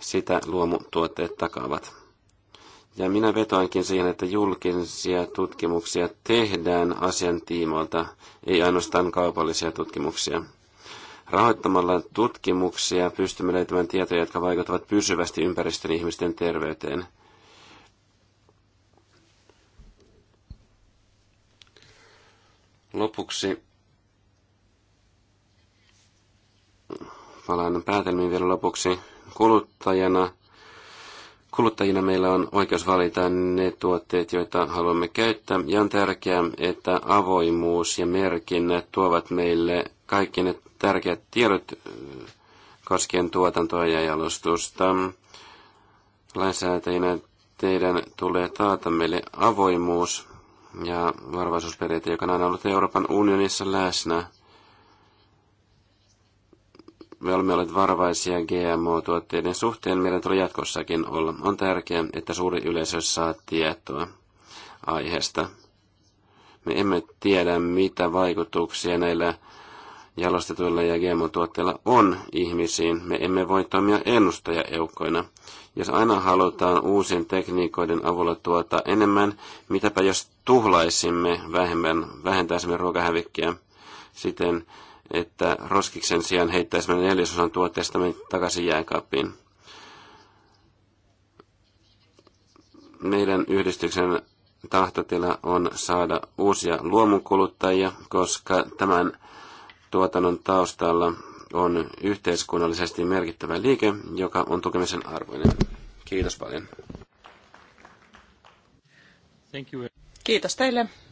Sitä luomutuotteet takaavat. Ja minä vetoankin siihen, että julkisia tutkimuksia tehdään asian tiimoilta, ei ainoastaan kaupallisia tutkimuksia. Rahoittamalla tutkimuksia pystymme löytämään tietoja, jotka vaikuttavat pysyvästi ympäristön ihmisten terveyteen. Lopuksi palaan päätelmiin vielä lopuksi. Kuluttajana, kuluttajina meillä on oikeus valita ne tuotteet, joita haluamme käyttää. Ja on tärkeää, että avoimuus ja merkinnät tuovat meille kaikki ne tärkeät tiedot koskien tuotantoa ja jalostusta. Lainsäätäjinä teidän tulee taata meille avoimuus ja varovaisuusperiaate, joka on aina ollut Euroopan unionissa läsnä. Me olemme olleet varvaisia GMO-tuotteiden suhteen, meidän tulee jatkossakin olla. On tärkeää, että suuri yleisö saa tietoa aiheesta. Me emme tiedä, mitä vaikutuksia näillä jalostetuilla ja GMO-tuotteilla on ihmisiin. Me emme voi toimia ennustajaeukkoina. Jos aina halutaan uusien tekniikoiden avulla tuottaa enemmän, mitäpä jos tuhlaisimme vähemmän, vähentäisimme ruokahävikkiä siten, että roskiksen sijaan heittäisimme neljäsosan tuotteesta takaisin jääkaappiin. Meidän yhdistyksen tahtotila on saada uusia luomukuluttajia, koska tämän tuotannon taustalla on yhteiskunnallisesti merkittävä liike, joka on tukemisen arvoinen. Kiitos paljon. Kiitos teille